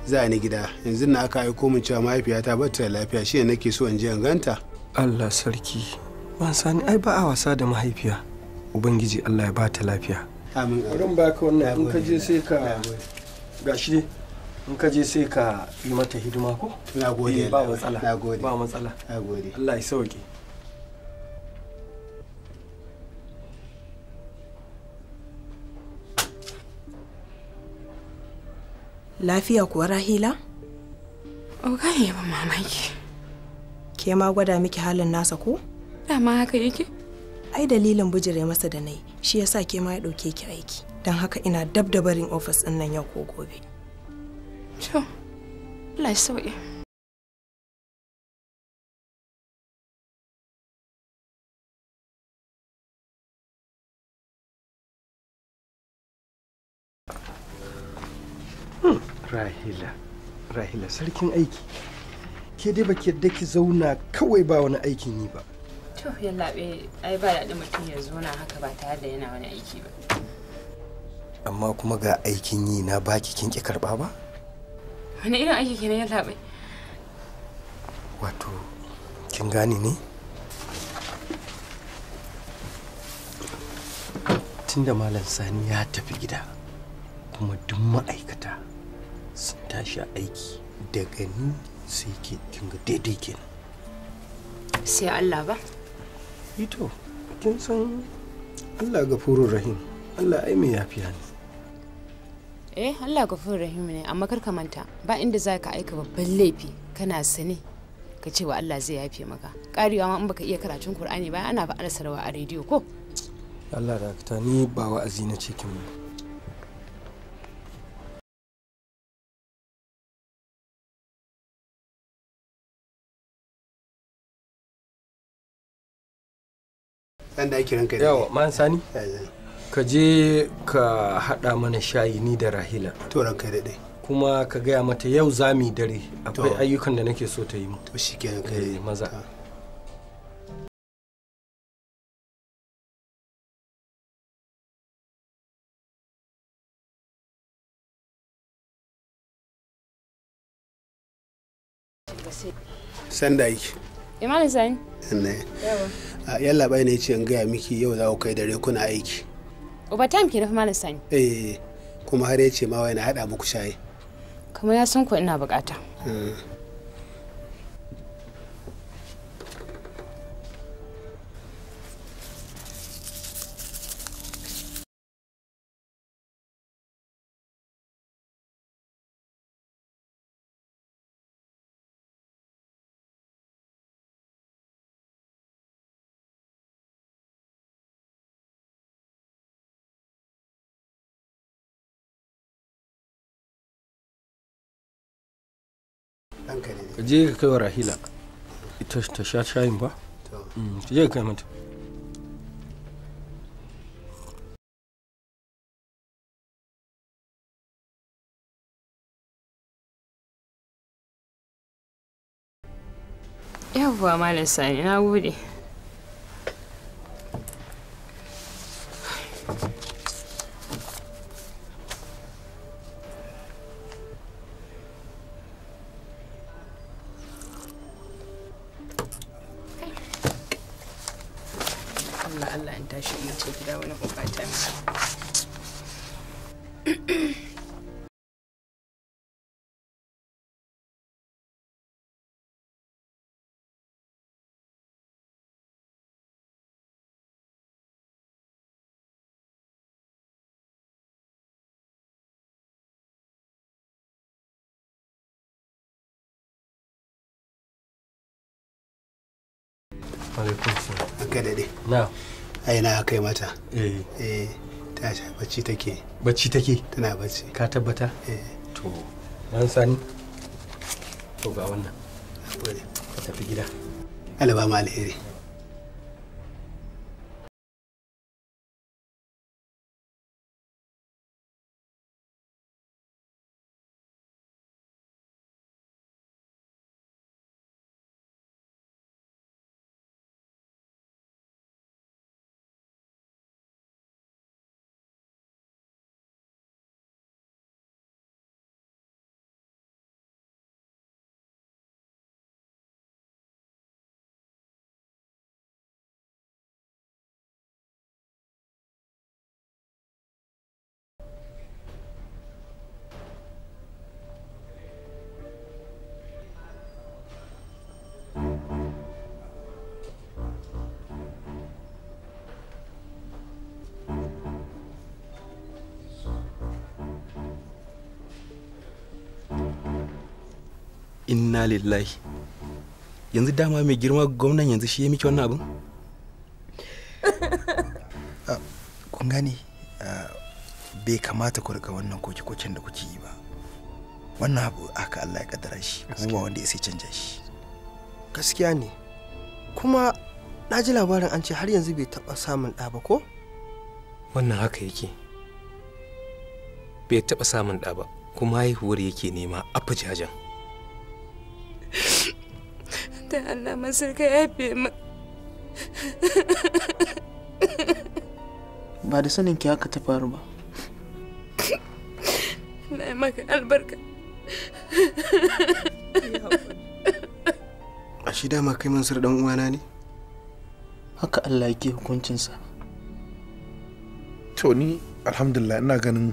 za ni gida yanzu na aka aiko min cewa mahaifiyata ba ta lafiya shi ne nake so in je in ganta allah sarki ban sani ai ba a wasa da mahaifiya ubangiji allah ya ba ta lafiya amin bari ba ka wannan in ka je sai ka gashi ne in ka je sai ka yi mata hidima ko na gode eh, ba matsala ba matsala Allah ya sauke Lafiya kuwa Rahila? Oga ya ba mamaki. Ke ma gwada miki halin nasa ko? Dama haka yake? Ai dalilin bijire masa da nai shi yasa ke ma ya ɗauke ki aiki. Don haka ina dab da barin ofis ɗin nan yau ko gobe. To, Allah ya rahila rahila sarkin aiki ke dai baki yadda ki zauna kawai ba wani aikin yi ba to yallaɓe ai ba daɗin mutum ya zauna haka ba tare da yana wani aiki ba amma kuma ga aikin yi na baki kin ki karɓa ba wani irin aiki kenan yallaɓe wato kin gane ne tunda malam sani ya tafi gida kuma duk ma'aikata sun tashi aiki daga ni sai ke kinga daidai kenan sai Allah ba ito eh kin san Allah gafurur rahim Allah ai mai yafiya ne eh Allah gafurur rahim ne amma kar ka manta ba inda za ka aika babban laifi kana sane ka ce wa Allah zai yafe maka karewa ma in baka iya karatun Qur'ani ba ana ba ana sarwa a rediyo ko Allah da ni ba wa'azi na cikin mu dan da ake ranka yawa man sani ka je ka hada mana shayi ni da rahila to ranka dai kuma ka gaya mata yau za mu dare akwai ayyukan da nake so ta yi mu to shikenan kai eh, maza Sanda yake. Imanin Sani. Ne. Yawa. Yalla bai ne ce in gaya miki yau za ku kai dare kuna aiki. Uba time ke nufi Malam Sani. Eh kuma har ya ce ma wai na haɗa muku shayi. Kamar ya san ku ina bukata. Ah. je ka kai wa rahila ita ta sha shayin ba ta mm, je ka kai mata yawwa malam sani na gode aina kai mata eh. eh ta sha bacci take bacci take tana bacci ka tabbata eh to an sani to ga wannan ka tafi gida alaba ma alheri inna lillahi yanzu dama mai girma gwamnan yanzu shi ya miki wannan abin <laughs> ah, kun gani ah, bai kamata ku rika wannan koke-koken da kuke yi ba wannan abu aka Allah ya kaddara shi kuma ba wanda ya sai canja shi gaskiya ne kuma na ji labarin an ce har yanzu bai taɓa samun ɗa ba ko wannan haka yake bai taɓa samun ɗa ba kuma haihuwar yake nema a fujajen dan Allah masar ka yafe ba da sanin ki haka ta faru ba na maka albarka a shi dama kai mansur dan uwana ne haka Allah yake hukuncinsa to ni alhamdulillah ina ganin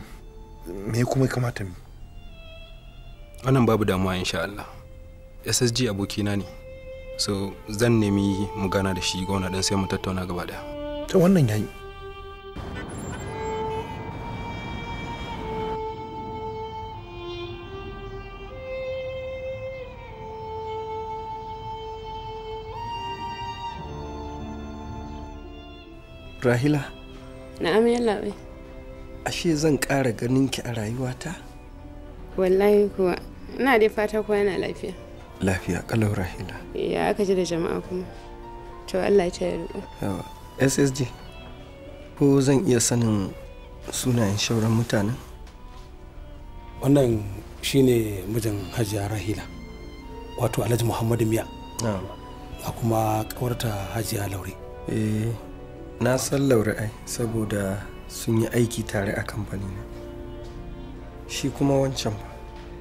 me kuma kamata mu. wannan babu damuwa insha Allah ssg abokina ne so zan nemi mu gana da shi gwamna don sai mu tattauna gaba daya ta wannan yayi Rahila? Na'am yalla bai. Ashe zan ƙara ganinki a rayuwata? Wallahi kuwa, ina dai fata kuwa yana lafiya. Lafiya kalau Rahila. Ya aka ji da jama'a kuma. To Allah ya tare riƙo. Yawa. SSG. Ko zan iya sanin sunayen shauran mutanen? Wannan shine mijin Hajiya Rahila. Wato Alhaji Muhammadu Miya. A kuma kawarta Hajiya Laure. Eh, na san Laure ai saboda sun yi aiki tare a na. Shi kuma wancan ba.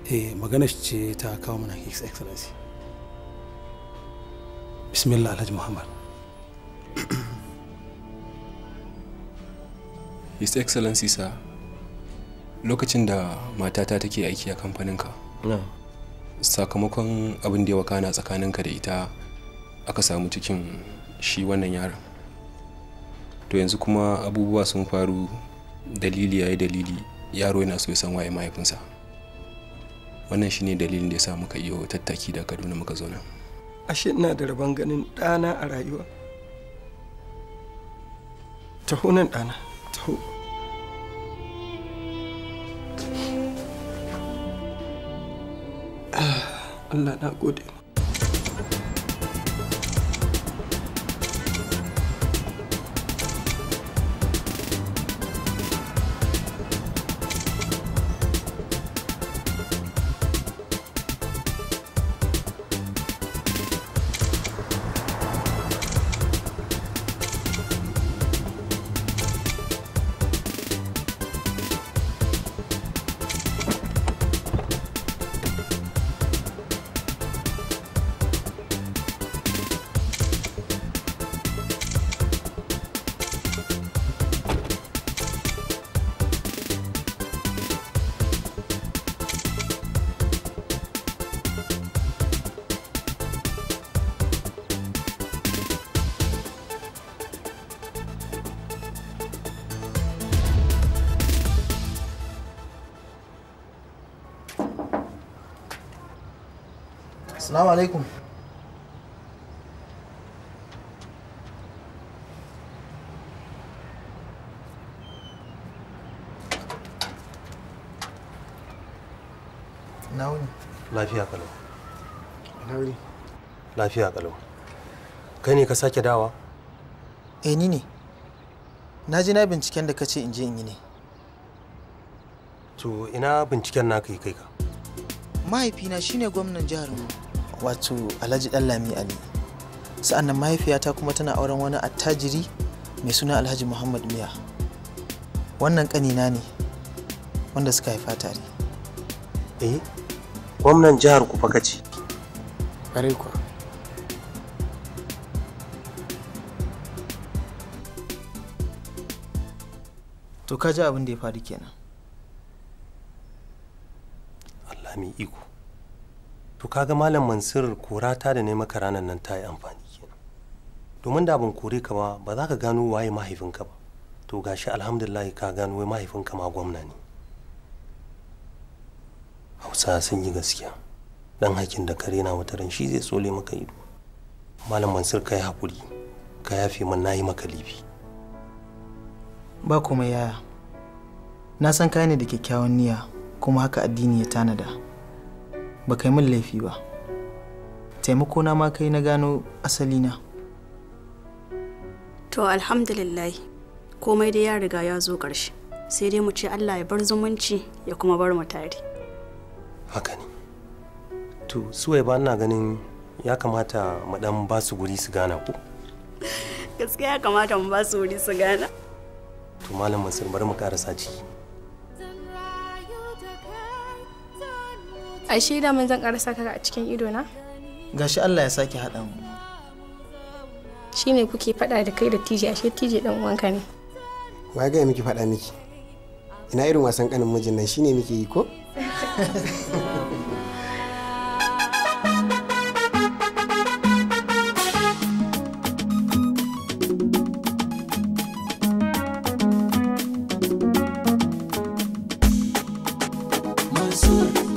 eh magana ce ta kawo mana his excellency bismillah alhaji muhammad his excellency sa lokacin da matata take aiki a kamfaninka sakamakon abin da ya wakana tsakaninka da ita aka samu cikin shi wannan yaron to yanzu kuma abubuwa sun faru dalili ya dalili yaro yana so ya san waye mahaifinsa wannan shi ne dalilin da ya sa muka iyo tattaki da kaduna muka zauna ashe ina da rabon ganin ɗana a rayuwa taho nan ɗana taho ah, Allah na gode ma Assalamu alaikum. Lafiya kalau. Lafiya kalau. Kai ne ka sake dawa? Eh ni ne. Na ji na binciken da ka ce in je in yi ne. To ina binciken naka yi kai ka? Mahaifina shine gwamnan jihar mu. wato alhaji lami ali nan mahaifiyata kuma tana auren wani attajiri mai suna alhaji muhammad miya wannan kanina ne wanda suka haifa tare eh gwamnan jihar ku faka ce ku to ka ji abin da ya faru kenan Allah mai iko to kaga malam mansur kora ta da ne maka ranar nan ta yi amfani kenan domin da ban kore ka ba ba za ka gano waye mahaifinka ba to gashi alhamdulillah ka gano wai mahaifinka ma gwamna ne hausa sun yi gaskiya dan hakin da kare na wata shi zai tsole maka ido malam mansur ka yi haƙuri ka yafe min na yi maka lifi ba kuma yaya na san kaya ne da kyakkyawan niyya kuma haka addini ya tanada ba kai min laifi ba taimako na ma kai na gano asali na. to alhamdulillah komai dai ya riga ya zo ƙarshe sai dai mu ce allah ya bar zumunci ya kuma bar mu tare haka ne to suwai ba ina ganin ya kamata mu dan ba su guri su gana ko <laughs> gaskiya ya kamata mu ba su guri su gana to malam mansur bari mu karasa ciki aishi da mun zan karasa ka a cikin ido na gashi Allah ya sake haɗa mu shine kuke faɗa da kai da tije ashe tije dan uwanka ne wa ga miki faɗa miki ina irin wasan kanin mijin nan shine miki yi ko you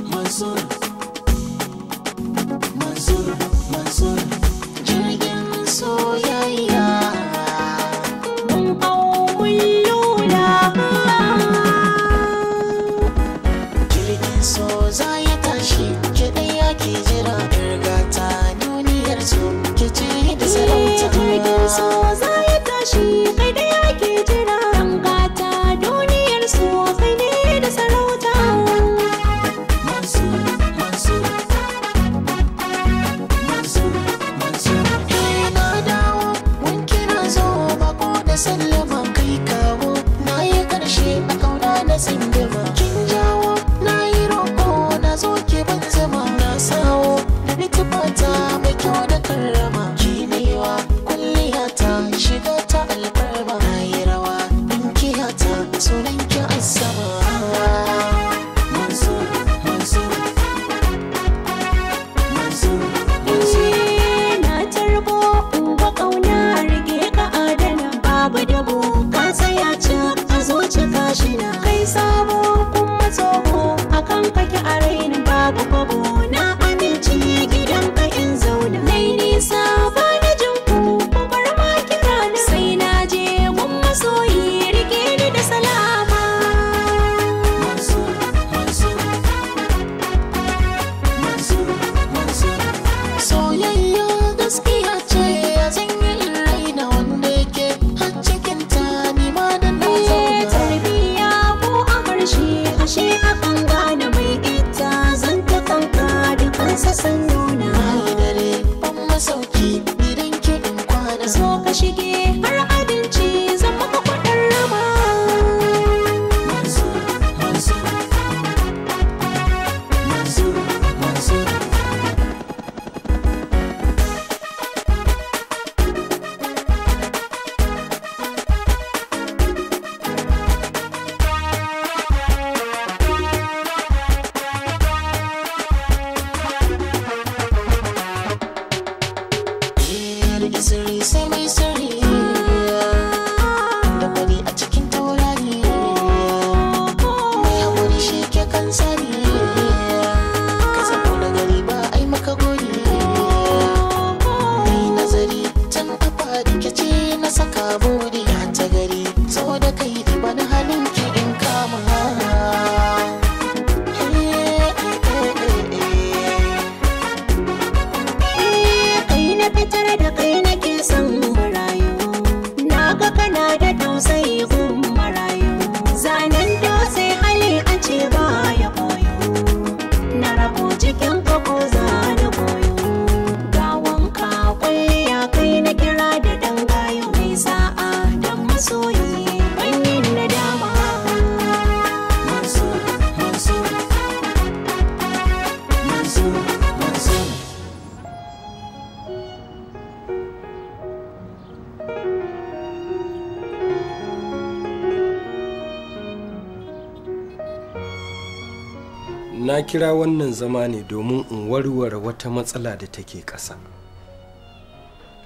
kira wannan zama ne domin in warware wata matsala da take ƙasa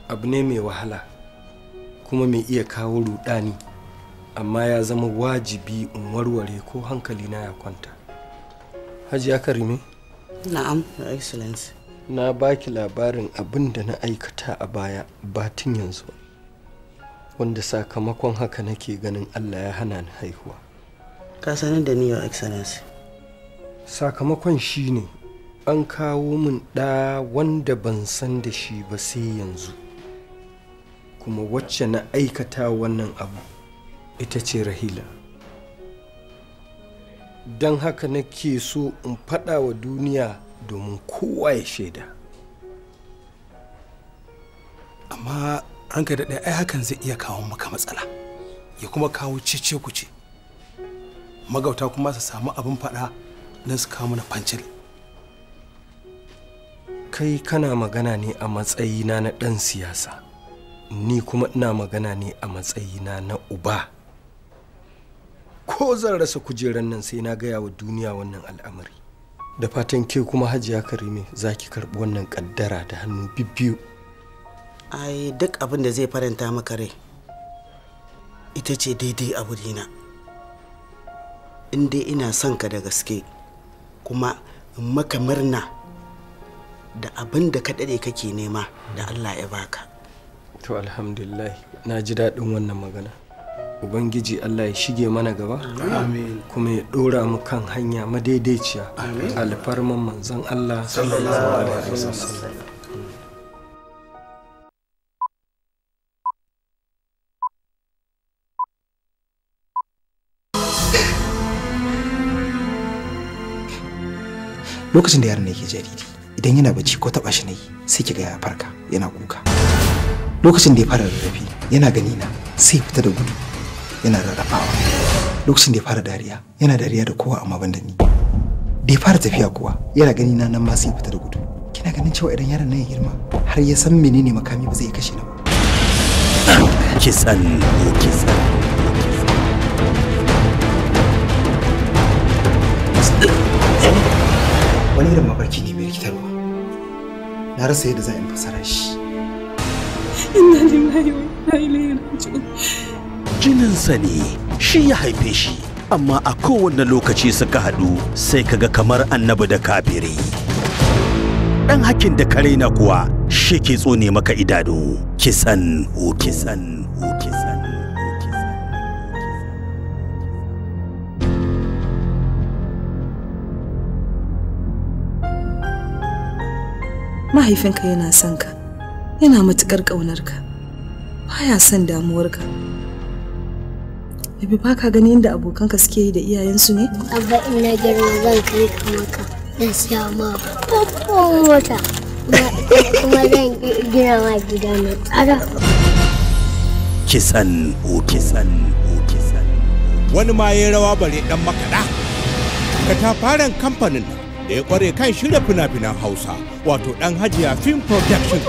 abu ne mai wahala kuma mai iya kawo rudani amma ya zama wajibi in warware ko hankali na ya kwanta hajiya karime na'am excellence na baki labarin abin da na aikata a baya batin yanzu wanda sakamakon haka nake ganin allah ya hana ni haihuwa ka sanar da ni your excellence sakamakon shi ne an kawo min ɗa wanda ban san da shi ba sai yanzu kuma wacce na aikata wannan abu ita ce rahila don haka nake so in faɗa wa duniya domin kowa ya shaida amma ranka da ɗaya ai hakan zai iya kawo maka matsala ya kuma kawo cece kuce magauta kuma su samu abin faɗa na su kawo mana fancil kai kana magana ne a matsayina na ɗan siyasa ni kuma ina magana ne a matsayina na uba ko zan rasa kujeran nan sai na gaya wa duniya wannan al'amari da fatan ke kuma hajiya karime za ki karɓi wannan ƙaddara da hannu bibbiyu ai duk abin da zai faranta maka rai ita ce daidai abu dina in dai ina son ka da gaske kuma in maka murna da abin da ka daɗe kake nema da Allah ya baka to alhamdulillah na ji daɗin wannan magana ubangiji allah ya shige mana gaba kuma ya dora mu kan hanya madaidaiciya alfarman manzon allah sallallahu alaihi wasallam lokacin da yaron yake jariri idan yana bacci ko taba shi nayi sai kiga ya farka yana kuka lokacin da ya fara rarrafe yana gani na sai fita da gudu yana rarrafawa lokacin da ya fara dariya yana dariya da kowa amma ban da ni da ya fara tafiya kuwa yana gani na nan ma sai fita da gudu kina ganin cewa idan yaron nan ya girma har ya san menene makami ba zai kashe na ba kisan kisan wani irin mafarki ne mai rikitarwa na rasa yadda za in fasara shi inna lillahi wa inna ilaihi raji'un jininsa ne shi ya haife shi amma a kowane lokaci suka haɗu sai kaga kamar annabi da kabiri. ɗan hakin da kare na kuwa shi ke tsone maka idado kisan ho kisan kisan mahaifinka yana son ka yana matuƙar ƙaunarka baya son damuwarka yabi ba ka gani inda abokanka suke yi da iyayensu ne abba ina girma zan kai ka na siya ma babban mota kuma zan gina ma gida mai tsada kisan o kisan hoto wani ma ya rawa bare dan makaɗa ka ta kamfanin nan da ya kware kan shirya fina-finan hausa wato dan hajiya film production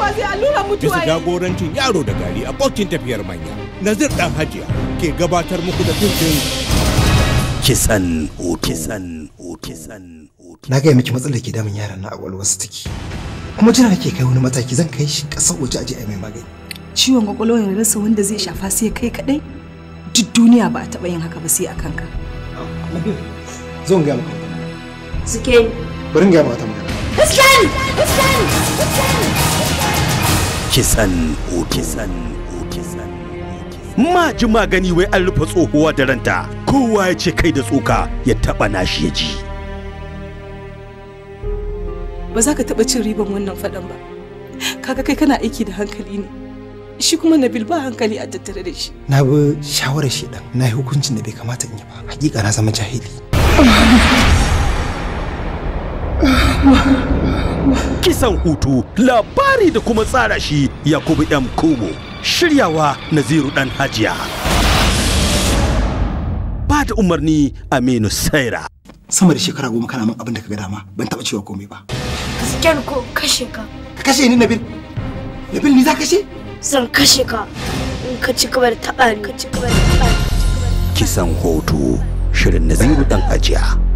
bisa jagorancin yaro da gari a bokin tafiyar manya nazir dan hajiya ke gabatar muku da tuntun kisan hoto na gaya miki matsalar ke damun yaran na a wasu take kuma jira ke kai wani mataki zan kai shi ƙasar waje aje ai mai magani ciwon kwakwalwa ya rasa wanda zai shafa sai kai kadai duk duniya ba a taɓa yin haka ba sai a kanka zan gaya maka suke bari in gaya mata magana kisan kisan kisan kisan kisan ma ji magani wai an rufe tsohuwa da ranta kowa ya ce kai da tsoka ya taba nashi ya ji ba za ka taba cin riban wannan faɗan ba kaga kai kana aiki da hankali ne shi kuma Nabil ba hankali a tattare da shi na bi shawarar shi dan na yi hukuncin da bai kamata in yi ba hakika na zama jahili <laughs> Kisan hutu labari da kuma tsara shi Yakubu M. Kumo. Shiryawa Naziru Dan Hajiya. Ba da umarni Aminu Saira. Sama da shekara goma kana min abin da ka ga dama ban taɓa cewa komai ba. Gaskiya ko kashe ka. Ka kashe ni Nabil. Nabil ni za kashe? Zan kashe ka. In ka ci kabar taɓa ni. Ka ci gaba taɓa ni. Kisan hutu shirin Naziru Dan Hajiya.